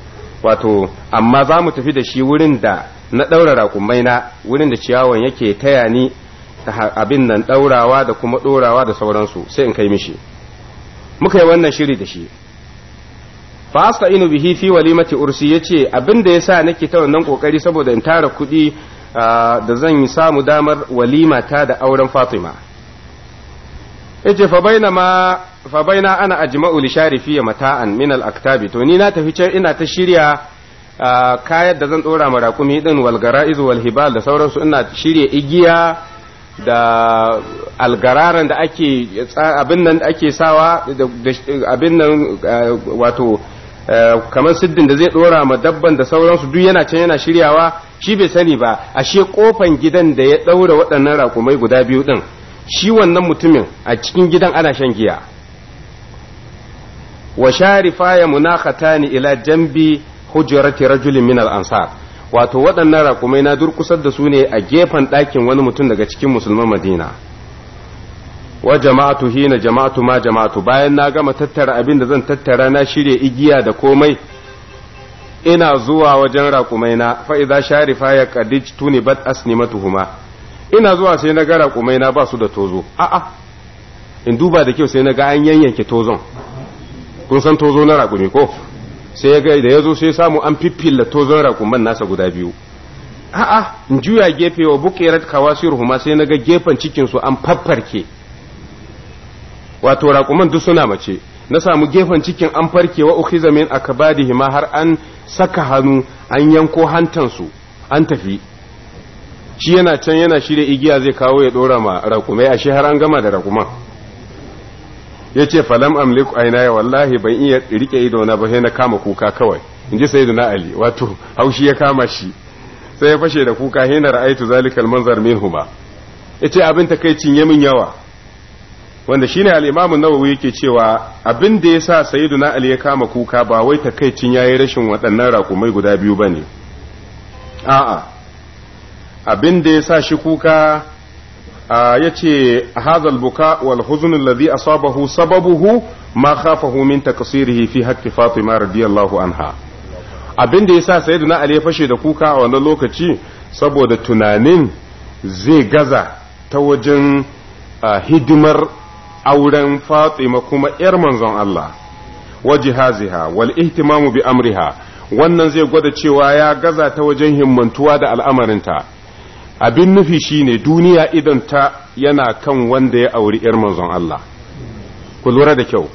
wato amma za mu tafi da shi wurin da na ɗaura rakumai na wurin da ciyawan yake taya ni abin nan ɗaurawa da kuma ɗorawa da sauransu sai in kai mishi muka yi wannan shiri da shi asta inu bihi fi walimati ursi yace abin da yasa nake ta wannan kokari saboda in tara kuɗi da zan yi samu damar walima ta da auren Fatima yace fa baina ma fa baina ana ajma'u li sharifiyya mata'an min al aktabi to ni na tafi can ina ta shirya kayan da zan dora ma din wal gara'iz wal hibal da sauransu ina shirya igiya da algararan da ake abin nan ake sawa da abin nan eh, wato eh, kamar siddin da zai dora ma dabban da sauransu duk yana can yana shiryawa shi bai sani ba ashe kofan gidan da ya daura waɗannan rakumai guda biyu din shi wannan mutumin a cikin gidan ana shan giya wa sharifa ya munakhatani ila jambi hujrati rajulin min al-ansar wato waɗannan raƙumai na durƙusar da su ne a gefen ɗakin wani mutum daga cikin musulman madina wa jama'atu hina jama'atu ma jama'atu bayan na gama tattara abin da zan tattara na shirya igiya da komai ina zuwa wajen raƙumai na fa idza sharifa ya qadij tuni bat matuhuma ina zuwa sai na ga raƙumai na ba su da tozo a'a in duba da kyau sai na ga an yanyanke tozon kun san tozo na raƙumi ko sai ya ga da ya zo sai samu an to zan rakuman nasa guda biyu a'a in juya gefe wa buƙirat kawasiruhuma sai na ga gefen cikin an faffarke wato raƙuman duk suna mace na samu gefen cikin an farke wa ba da hima har an saka hannu an yanko hantansu an tafi shi yana can yana shirya igiya zai kawo ya dora ma raƙumai shi har an gama da raƙuman ya ce falam amliku aina ya wallahi ban iya rike ido na ba sai na kama kuka kawai in ji sai na ali wato haushi ya kama shi sai ya fashe da kuka hina ra'aitu zalikal manzar minhuma yace abin ta takaicin yamin yawa wanda shine al-Imam an-Nawawi yake cewa abin da ya yasa Sayyiduna Ali ya kama kuka ba wai ta takaicin yayi rashin waɗannan rakumai guda biyu bane a'a abin da sa shi kuka ya ce hazal buka wal huzun alladhi asabahu sababuhu ma khafahu min taqsirihi fi haqqi fatima radiyallahu anha abin da yasa sayyiduna ali ya fashe da kuka a wannan lokaci saboda tunanin zai gaza ta wajen hidimar auren fatima kuma yar manzon Allah wajihaziha wal ihtimamu bi amriha wannan zai gwada cewa ya gaza ta wajen himmantuwa da al'amarinta abin nufi shine duniya idan ta yana kan wanda ya auri ‘yar manzon Allah, ku lura da kyau,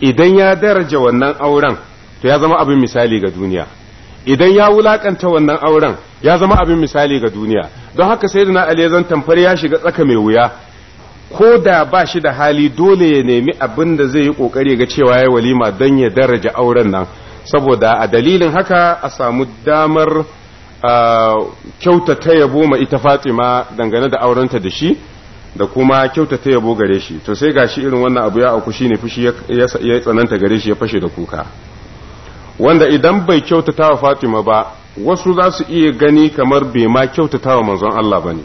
idan ya daraja wannan auren, to ya zama abin misali ga duniya, idan ya wulakanta wannan auren, ya zama abin misali ga duniya, don haka sai da na tamfar ya shiga tsaka mai wuya, ko da ba shi da hali dole ya nemi abin da zai yi ƙoƙari ga cewa ya walima don ya daraja auren nan, saboda a dalilin haka a samu damar. kyautata yabo ma ita Fatima dangane da aurenta da shi da kuma kyautata yabo gare shi to sai gashi irin wannan abu ya auku shine fushi ya tsananta gare shi ya fashe da kuka wanda idan bai kyautata wa Fatima ba wasu za su iya gani kamar bai ma kyautata wa manzon Allah bane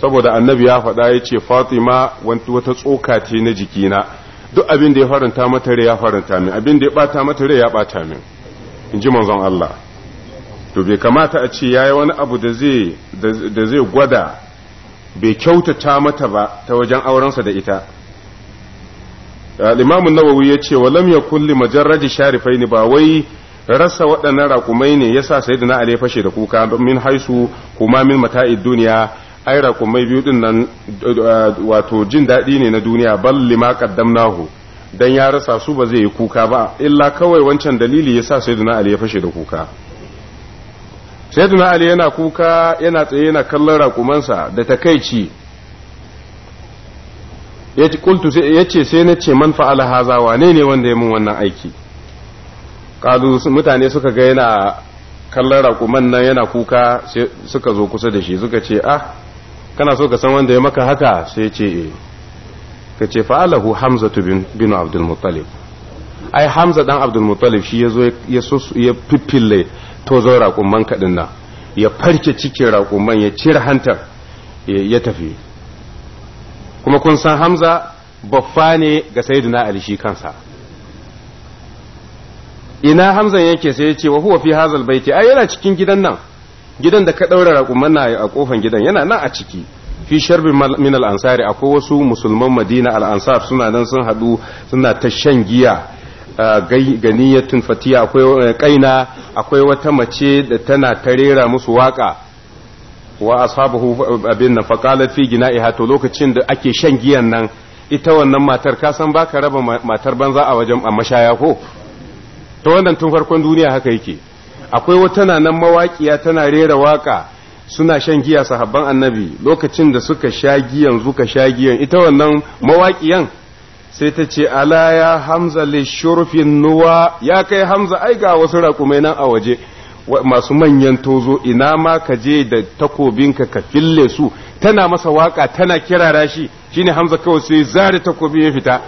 saboda annabi ya faɗa ya ce Fatima wata tsoka ce na jikina duk abin da ya faranta mata rai ya faranta min abin da ya bata mata rai ya bata min in ji manzon Allah to bai kamata a ce ya yi wani abu da zai gwada bai kyautata mata ba ta wajen aurensa da ita al nawawi ya ce wa lam yakul li sharifai ne ba wai rasa waɗannan raƙumai ne ya sa sayyidina ali ya fashe da kuka min haisu kuma min mata'id duniya ai raƙumai biyu din nan wato jin daɗi ne na duniya bal lima qaddamnahu dan ya rasa su ba zai yi kuka ba illa kawai wancan dalili yasa sayyidina ali ya fashe da kuka sayyiduna ali yana kuka yana tsaye yana kallon rakumansa da takaici ya ce sai na ce man fa'ala haza wane ne wanda ya mun wannan aiki kalu mutane suka ga yana kallon raƙuman nan yana kuka suka zo kusa da shi suka ce ah kana so ka san wanda ya maka haka sai ce eh. ka ce fa'alahu hamzatu bin abdul muttalib ai hamza dan abdul muttalib shi ya zo ya fiffille tozo raƙumman kaɗin nan ya farke cikin raƙumman ya cire hantar ya tafi kuma kun san hamza baffa ne ga sayyidina ali shi kansa ina hamzan yake sai ya ce wa huwa fi hazal baiti ai yana cikin gidan nan gidan da ka ɗaura raƙumman na a kofan gidan yana nan a ciki fi sharbi min al ansari akwai wasu musulman madina al'ansar suna nan sun haɗu suna ta shan giya Ah, ganiyatun fatiya akwai eh, kaina akwai wata mace da tana tarera musu waka wa ashabahu abin nan faqalat fi gina'iha to lokacin da ake shan giyan nan ita wannan matar ka san baka raba matar banza a wajen a mashaya ko Ta wannan tun farkon duniya haka yake akwai wata na nan mawaƙiya tana rera waka suna shan giya sahabban annabi lokacin da suka sha giyan suka sha giyan ita wannan mawaƙiyan sai ta ce ala ya hamza li shurfin nuwa ya kai hamza ai ga wasu raƙumai nan a waje masu manyan tozo ina ma ka je da takobinka ka fille su tana masa waka tana kirara shi shine hamza kawai sai zare takobi ya fita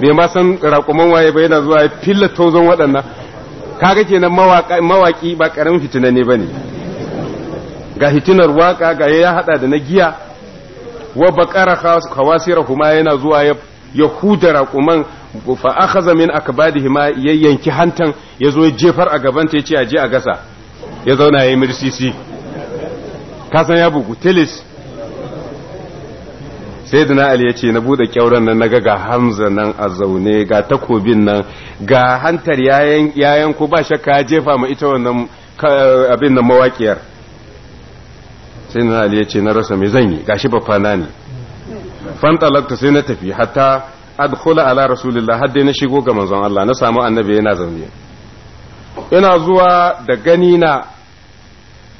bai ma san raƙuman waye ba yana zuwa ya fille tozon waɗannan kaga kenan mawaki ba ƙaramin fitina ne bane ga hitinar waka ga ya hada da na giya wa bakara khawasira yana zuwa ya Yahuda raƙuman fa akhadha min akbadihi ma yayyanki hantan yazo ya jefar a gaban ta yace a je a gasa ya zauna yayi mirsisi ka san ya bugu tilis sayyidina ali yace na bude kyauran nan naga ga hamza nan a zaune ga takobin nan ga hantar yayan yayan ku ba shakka ya jefa ma ita wannan abin nan mawakiyar sayyidina ali yace na rasa me zan yi gashi bafana ne fantalaktu sai na tafi hatta adkhula ala rasulillah har dai na shigo ga manzon Allah na samu annabi yana zaune ina zuwa da gani na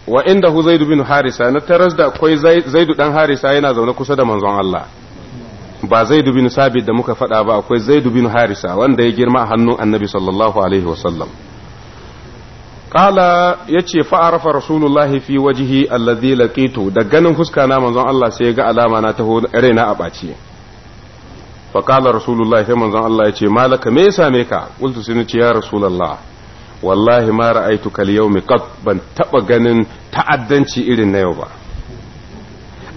wa inda hu zaidu bin harisa na taras da akwai zaidu dan harisa yana zaune kusa da manzon Allah ba zaidu bin sabit da muka faɗa ba akwai zaidu bin harisa wanda ya girma a hannun annabi sallallahu alaihi wasallam qala yace fa arafa rasulullahi fi wajhi alladhi laqitu da ganin fuska na manzon Allah sai ya ga alama na taho raina a baci fa qala rasulullahi sai manzon Allah yace malaka me ya same ka qultu sai nace ya rasulullah wallahi ma ra'aytuka al-yawmi qat ban taɓa ganin ta'addanci irin na yau ba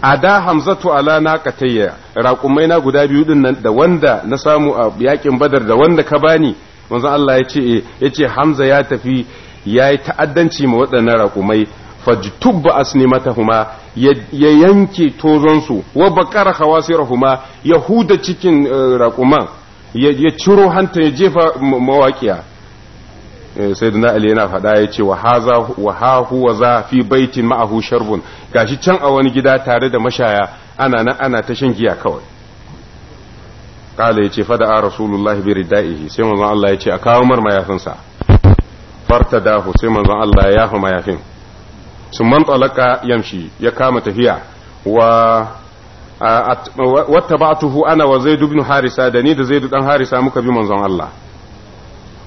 a da hamzatu ala na katayya raƙumai na guda biyu din nan da wanda na samu a yakin badar da wanda ka bani manzon Allah ya eh, ya ce hamza ya tafi ya yi ta'addanci ma waɗannan raƙumai fajtubba huma ya yanke tozonsu wa bakara hawasirahuma ya huda cikin eh, raƙuman ya ciro hanta ya jefa mawaƙiya eh, sayyidina ali yana faɗa ya ce wa ha huwa za fi baitin ma'ahu sharbun gashi can a wani gida tare da mashaya ana nan ana ta shan giya kawai kala ya ce fada a rasulullahi bi ridda'ihi sai manzon Allah ya ce a kawo marmayafinsa farta dahu sai manzon Allah ya yafa mayafin sun man talaka yamshi ya kama tafiya wa wata batuhu ana wa zaidu bin harisa da ni da zaidu dan harisa muka bi manzon Allah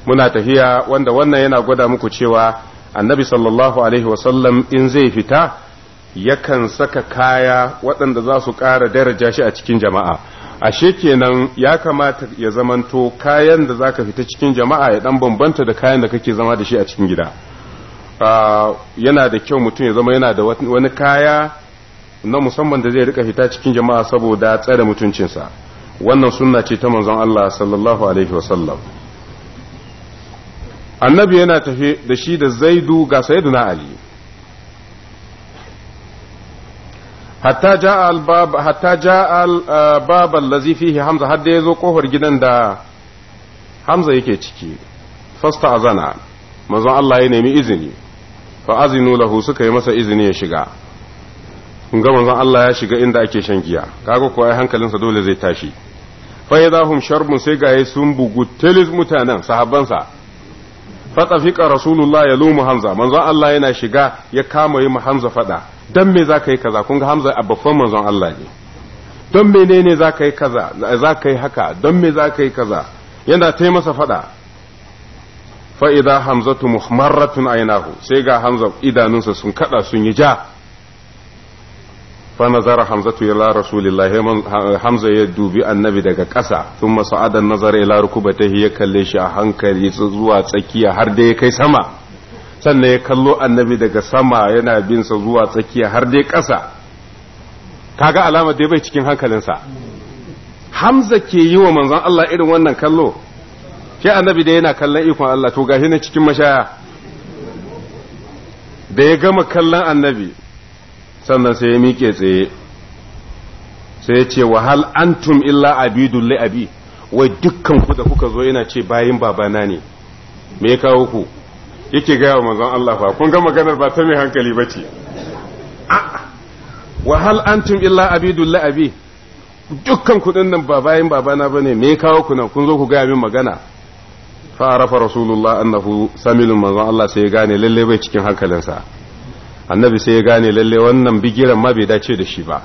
muna tafiya wanda wannan yana gwada muku cewa annabi sallallahu alaihi wasallam in zai fita yakan saka kaya waɗanda za su ƙara daraja shi a cikin jama'a ashe kenan ya kamata ya zamanto kayan da zaka fita cikin jama'a ya dan bambanta da kayan da kake zama da shi a cikin gida ah, yana da kyau mutum ya zama yana da wani kaya na musamman da zai rika fita cikin jama'a saboda tsare mutuncinsa wannan sunna ce ta manzon Allah sallallahu alaihi wasallam annabi yana tafe da shi da zaidu ga sayyiduna ali hatta ja'a al-bab hatta ja'a al-bab allazi fihi hamza har da yazo kofar gidan da hamza yake ciki fasta azana manzon Allah ya nemi izini fa azinu lahu suka yi masa izini ya shiga kun ga manzon Allah ya shiga inda ake shan giya kaga ko ai sa dole zai tashi fa yadahum sharbun sai gaye sun bugu talis mutanen sa fa tafika rasulullah ya hamza manzon Allah yana shiga ya kama yi hamza fada Don me za ka yi kaza kun ga hamza a babban manzon Allah ne don menene za ka yi kaza za ka yi haka don me za ka yi kaza yana ta masa fada fa'ida hamzatu muhammaratun aynahu sai ga hamza idanunsa sun kada sun yi ja fa nazara hamzatu ila rasulillahi hamza ya dubi annabi daga ƙasa thumma adan nazara ila rukubatihi ya kalle shi a hankali zuwa tsakiya har da ya kai sama sannan ya kallo annabi daga sama yana binsa zuwa tsakiya har dai ƙasa kaga alamar dai bai cikin hankalinsa hamza ke yi wa manzon Allah irin wannan kallo ke annabi da yana kallon ikon Allah to gashi na cikin mashaya da ya gama kallon annabi sannan sai ya miƙe tsaye sai ya ce wahal antum illa abidul li abi wai dukkan ku da kuka zo yana ce bayin babana ne me ya kawo ku yake gaya wa manzon Allah fa kun ga maganar ba ta mai hankali ba ce wa hal antum illa abidul la'abi dukkan kudin nan ba bayan babana bane me kawo ku nan kun zo ku gaya min magana fa arafa rasulullah annahu samilun manzon Allah sai ya gane lalle bai cikin hankalinsa annabi sai ya gane lalle wannan bigiran ma bai dace da shi ba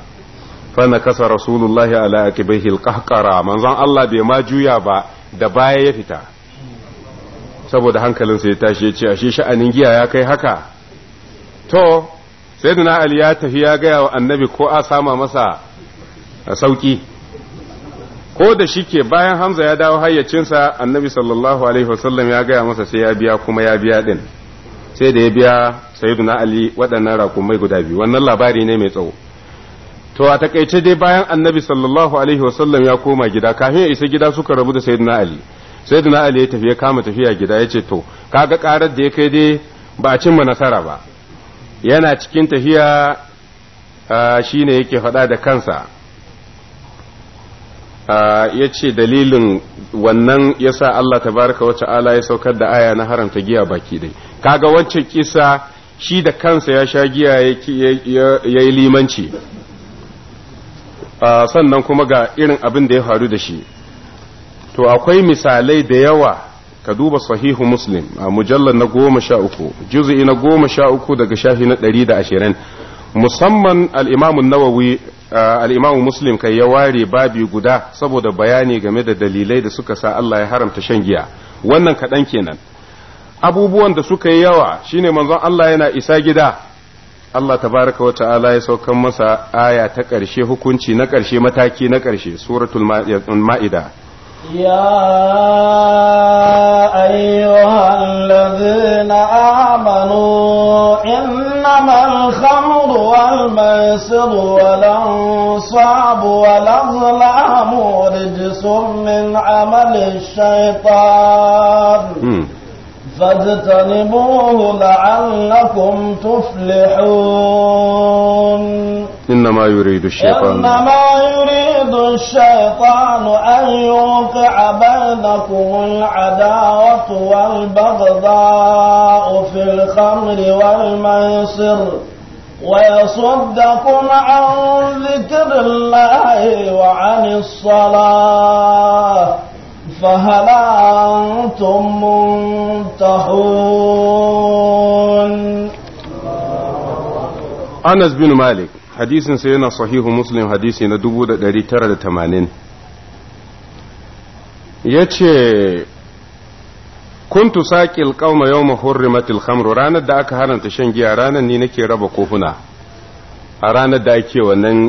fa na kasa rasulullahi ala akibaihi alqahqara manzon Allah bai ma juya ba da baya ya fita saboda hankalinsa ya tashi ya ce ashe sha'anin giya ya kai haka to sai ali ya tafi ya gaya wa annabi ko a sama masa a sauki ko da shi ke bayan hamza ya dawo hayyacinsa annabi sallallahu alaihi wasallam ya gaya masa sai ya biya kuma ya biya din sai da ya biya sayyiduna ali waɗannan rakumai guda biyu wannan labari ne mai tsawo to a takaice dai bayan annabi sallallahu alaihi wasallam ya koma gida kafin ya isa gida suka rabu da sayyiduna ali sai da ali ya tafi ya kama tafiya gida ya ce to kaga karar da ya kai dai ba a cimma nasara ba yana cikin tafiya shi ne yake faɗa da kansa ya ce dalilin wannan ya sa Allah baraka wacce ala ya saukar da aya na haramta giya baki dai kaga wancan kisa shi da kansa ya sha giya ya yi limanci sannan kuma ga irin abin da ya faru da shi to akwai misalai da yawa ka duba sahihu muslim a mujallar na goma sha uku juzi'i na goma sha uku daga shafi na ɗari da ashirin musamman al'imamun nawawi al'imamun muslim kai ya ware babi guda saboda bayani game da dalilai da suka sa Allah ya haramta shan giya wannan kaɗan kenan abubuwan da suka yi yawa shine manzon Allah yana isa gida Allah tabaraka wa ta'ala ya saukan masa aya ta ƙarshe hukunci na ƙarshe mataki na ƙarshe suratul ma'ida يا أيها الذين آمنوا إنما الخمر والميسر والأنصاب والأظلام رجس من عمل الشيطان فاجتنبوه لعلكم تفلحون إنما يريد الشيطان إنما يريد الشيطان أن يوقع بينكم العداوة والبغضاء في الخمر والميسر ويصدكم عن ذكر الله وعن الصلاة فهل أنتم منتهون أنس بن مالك hadisin sa yana sahihu muslim hadisi na 1980 ce kuntu saqil yau yawma matil khamru ranar da aka haranta shan giya ranar ni nake raba kofuna a ranar da ake wannan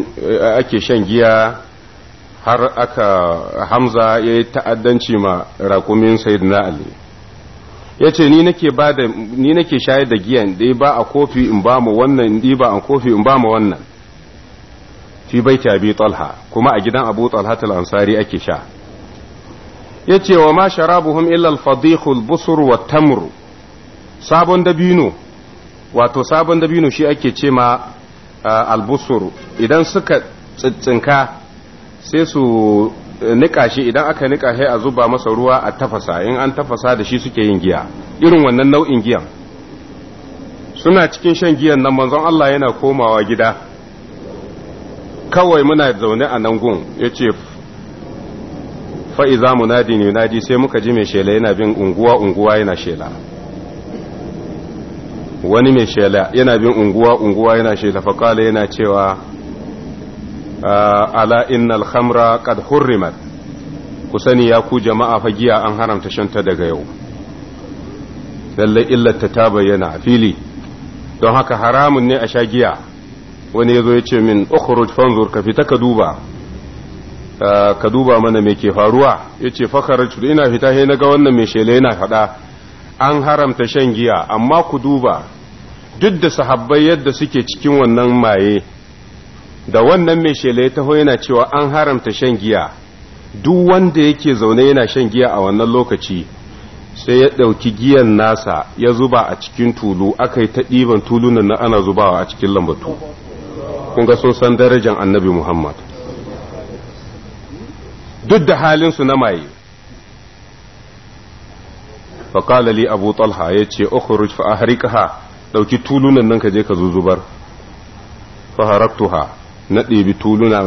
ake shan giya har aka hamza ya yi ta'addanci ma raƙumin sayidina ali ya ce ni nake shayar da giyan dai ba a kofi in ba mu wannan ba a kofi in ba mu wannan fi ta abi talha kuma a gidan abu talha ansari ake sha ce wa ma sharabuhum illa al-fadihul busur wa tamr sabon dabino wato sabon dabino shi ake ce ma al-busur idan suka tsitsinka sai su eh, nika shi idan aka nika shi a zuba masa ruwa a tafasa in an tafasa da shi suke yin giya irin wannan nau'in giyan suna cikin shan giyan nan manzon Allah yana komawa gida kawai muna zaune a nan gun ya ce fa'iza munadi yunadi sai muka ji mai shela yana bin unguwa-unguwa yana shela wani mai shela yana bin unguwa-unguwa yana shela faƙala yana cewa ala innal khamra qad hurrimat ku sani ya ku jama'a fagiya an haramta shanta daga yau lallai illar ta bayyana a fili don haka haramun ne a sha giya wani ya zo ya ce min ukhruj fanzur ka fita ka duba ah, ka duba mana me ke faruwa ya ce fakararci ina fita he na ga wannan mai shele yana faɗa an haramta shan giya amma ku duba duk da sahabbai yadda suke cikin wannan maye da wannan mai shele ta taho yana cewa an haramta shan giya duk wanda yake zaune yana shan giya a wannan lokaci sai ya ɗauki giyan nasa ya zuba a cikin tulu aka ta ɗiban tulunan na ana zubawa a cikin lambatu kun ga sun san darajar annabi Muhammad duk da halinsu na maye faƙala li abu talha ya ce ukhruj fa ahrikaha ɗauki tulunan nan ka je ka zuzubar fa haraktuha na ɗebi tuluna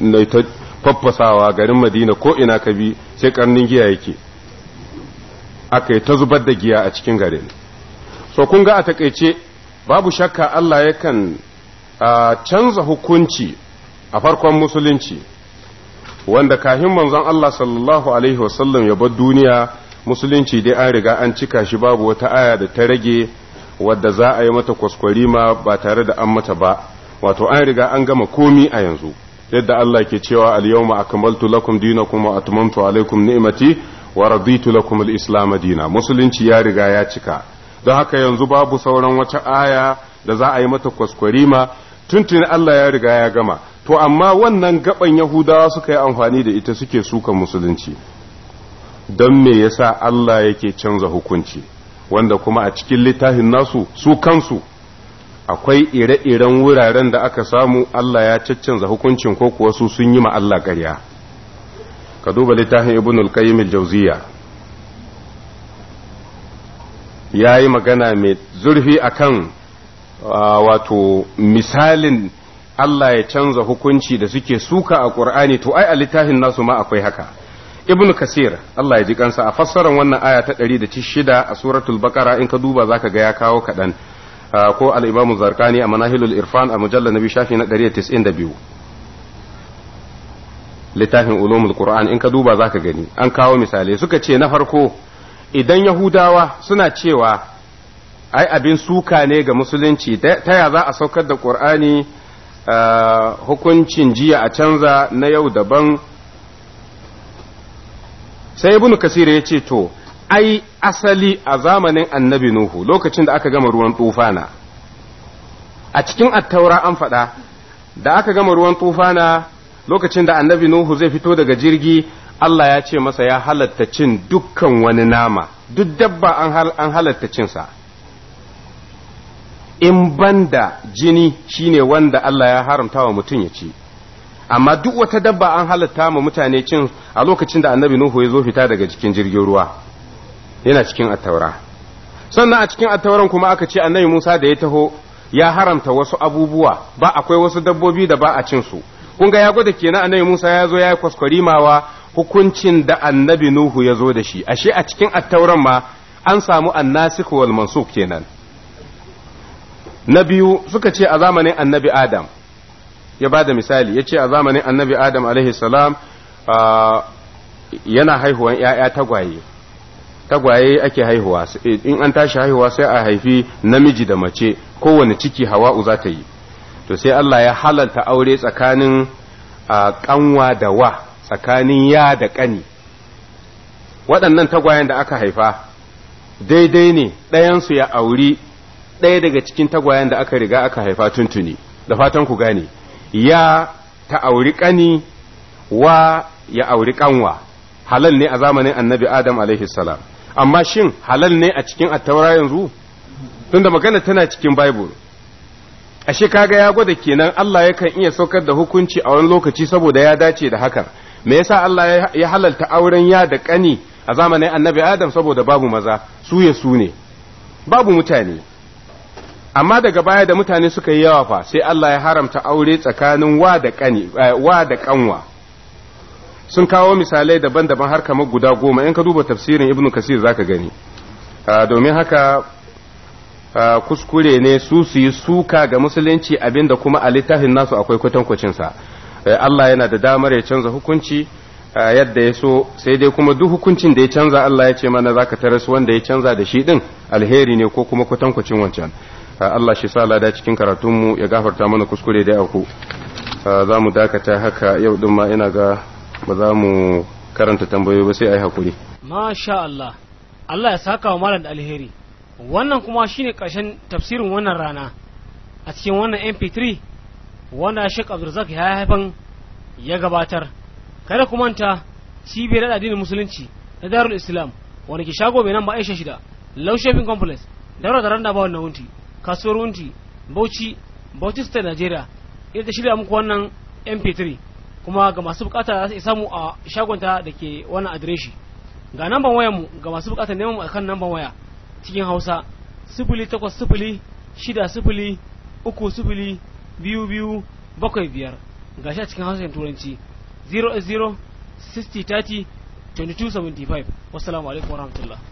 na ta faffasawa garin madina ko ina ka bi sai karnin giya yake aka yi ta zubar da giya a cikin garin so kun ga a takaice babu shakka Allah yakan A canza hukunci a farkon musulunci wanda kahin manzon Allah sallallahu alaihi wasallam ya bar duniya musulunci dai an riga an cika shi babu wata aya da ta rage wadda za a yi mata kwaskwarima ba tare da an mata ba wato an riga an gama komi a yanzu yadda Allah ke cewa al-yawma akmaltu lakum dinakum wa atmamtu alaykum ni'mati wa raditu lakum al-islam dina musulunci ya riga ya cika don haka yanzu babu sauran wata aya da za a yi mata kwaskwarima tuntuni Allah ya riga ya gama to amma wannan gaban yahudawa suka yi amfani da ita suke suka musulunci don me yasa Allah yake canza hukunci wanda kuma a cikin littafin nasu su kansu akwai ire-iren wuraren da aka samu Allah ya caccanza hukuncin ko kuwa su sun yi ma Allah ƙarya ka duba littafin ibn al-qayyim al-jawziya yayi magana mai zurfi akan Ah, wato misalin Allah ya canza hukunci da suke suka a Qur'ani to ai a littafin nasu ma akwai haka Ibn Kasir Allah ya ji kansa a fassarar wannan aya ta 106 a suratul Baqara in ka duba zaka ga ya kawo kadan ah, ko al-Imam zarkani a Manahilul Irfan a mujallal nabi shafi na 192 littafin ulumul Qur'an in ka duba zaka gani an kawo misali suka ce na farko idan Yahudawa suna cewa ai abin suka ne ga musulunci ta ya za a saukar da ƙur'ani hukuncin jiya a canza na yau daban sai ibnu kasira ya ce to ai asali a zamanin annabi nuhu lokacin da aka gama ruwan tufana a cikin attaura an faɗa da aka gama ruwan tufana lokacin da annabi nuhu zai fito daga jirgi Allah ya ce masa ya halatta cin dukkan wani nama duk dabba an halatta cinsa in banda jini shine wanda Allah ya haramta wa mutum ya ci amma duk wata dabba an halatta ma mutane cin a lokacin da annabi nuhu ya zo fita daga cikin jirgin ruwa yana cikin attaura sannan a cikin attauran kuma aka ce annabi musa da ya taho ya haramta wasu abubuwa ba akwai wasu dabbobi da ba a cin su kun ga ya gwada kenan annabi musa ya zo ya yi kwaskwarimawa hukuncin da annabi nuhu ya zo da shi ashe a cikin attauran ma an samu annasikh wal mansuk kenan na biyu suka ce a zamanin annabi adam ya ba da misali ya ce a zamanin annabi adam alaihi salam yana haihuwan ‘ya'ya tagwaye tagwaye ake haihuwa in an tashi haihuwa sai a haifi namiji da mace kowane ciki hawa za ta yi to sai Allah ya halalta aure tsakanin kanwa da wa tsakanin ya da ƙani waɗannan tagwayen da aka haifa daidai ne ɗayansu ya auri ɗaya daga cikin tagwayen da aka riga aka haifa tuntuni da fatan ku gane ya ta auri ƙani wa ya auri ƙanwa halal ne a zamanin annabi adam alaihi amma shin halal ne a cikin attaura yanzu tun da magana tana cikin bible ashe kaga ya gwada kenan Allah yakan iya saukar da hukunci a wani lokaci saboda ya dace da haka me yasa Allah ya halalta auren ya da ƙani a zamanin annabi adam saboda babu maza su ya su ne babu mutane amma daga baya da mutane suka yi yawa fa sai Allah ya haramta aure tsakanin wa da kani eh, wa da kanwa sun kawo misalai daban-daban har kamar guda goma in ka duba tafsirin ibnu kasir zaka gani ah, domin haka ah, kuskure ne su su yi suka ga musulunci abinda kuma a littafin nasu akwai kwatankwacin sa eh, Allah yana da damar ya canza hukunci ah, yadda ya so sai dai kuma duk hukuncin da ya canza Allah ya ce mana zaka tarasu wanda ya canza da shi din alheri ne ko kuma kwatankwacin wancan Allah shi sa lada cikin karatunmu ya gafarta mana kuskure da yauku za mu dakata haka yau din ma ina ga ba za mu karanta tambayoyi ba sai a yi hakuri masha Allah Allah ya saka wa malam da alheri wannan kuma shine karshen tafsirin wannan rana a cikin wannan mp3 wanda Sheikh Abdulrazak ya haifan ya gabatar kada ku manta cibiyar da addinin musulunci na Darul Islam wani ke shago mai nan ba Aisha shida Law Complex da da randa ba wannan wunti kasuwar wunti bauchi bauchi state nigeria ita ta shirya muku wannan mp3 kuma ga masu bukata za su samu a shagonta da ke wannan adireshi ga namban waya mu ga masu bukata neman mu akan namban waya cikin hausa sifili takwas sifili shida sifili uku sifili biyu biyu bakwai biyar ga shi a cikin hausa turanci sixty thirty twenty-two seventy-five wasu alaikum warahmatullahi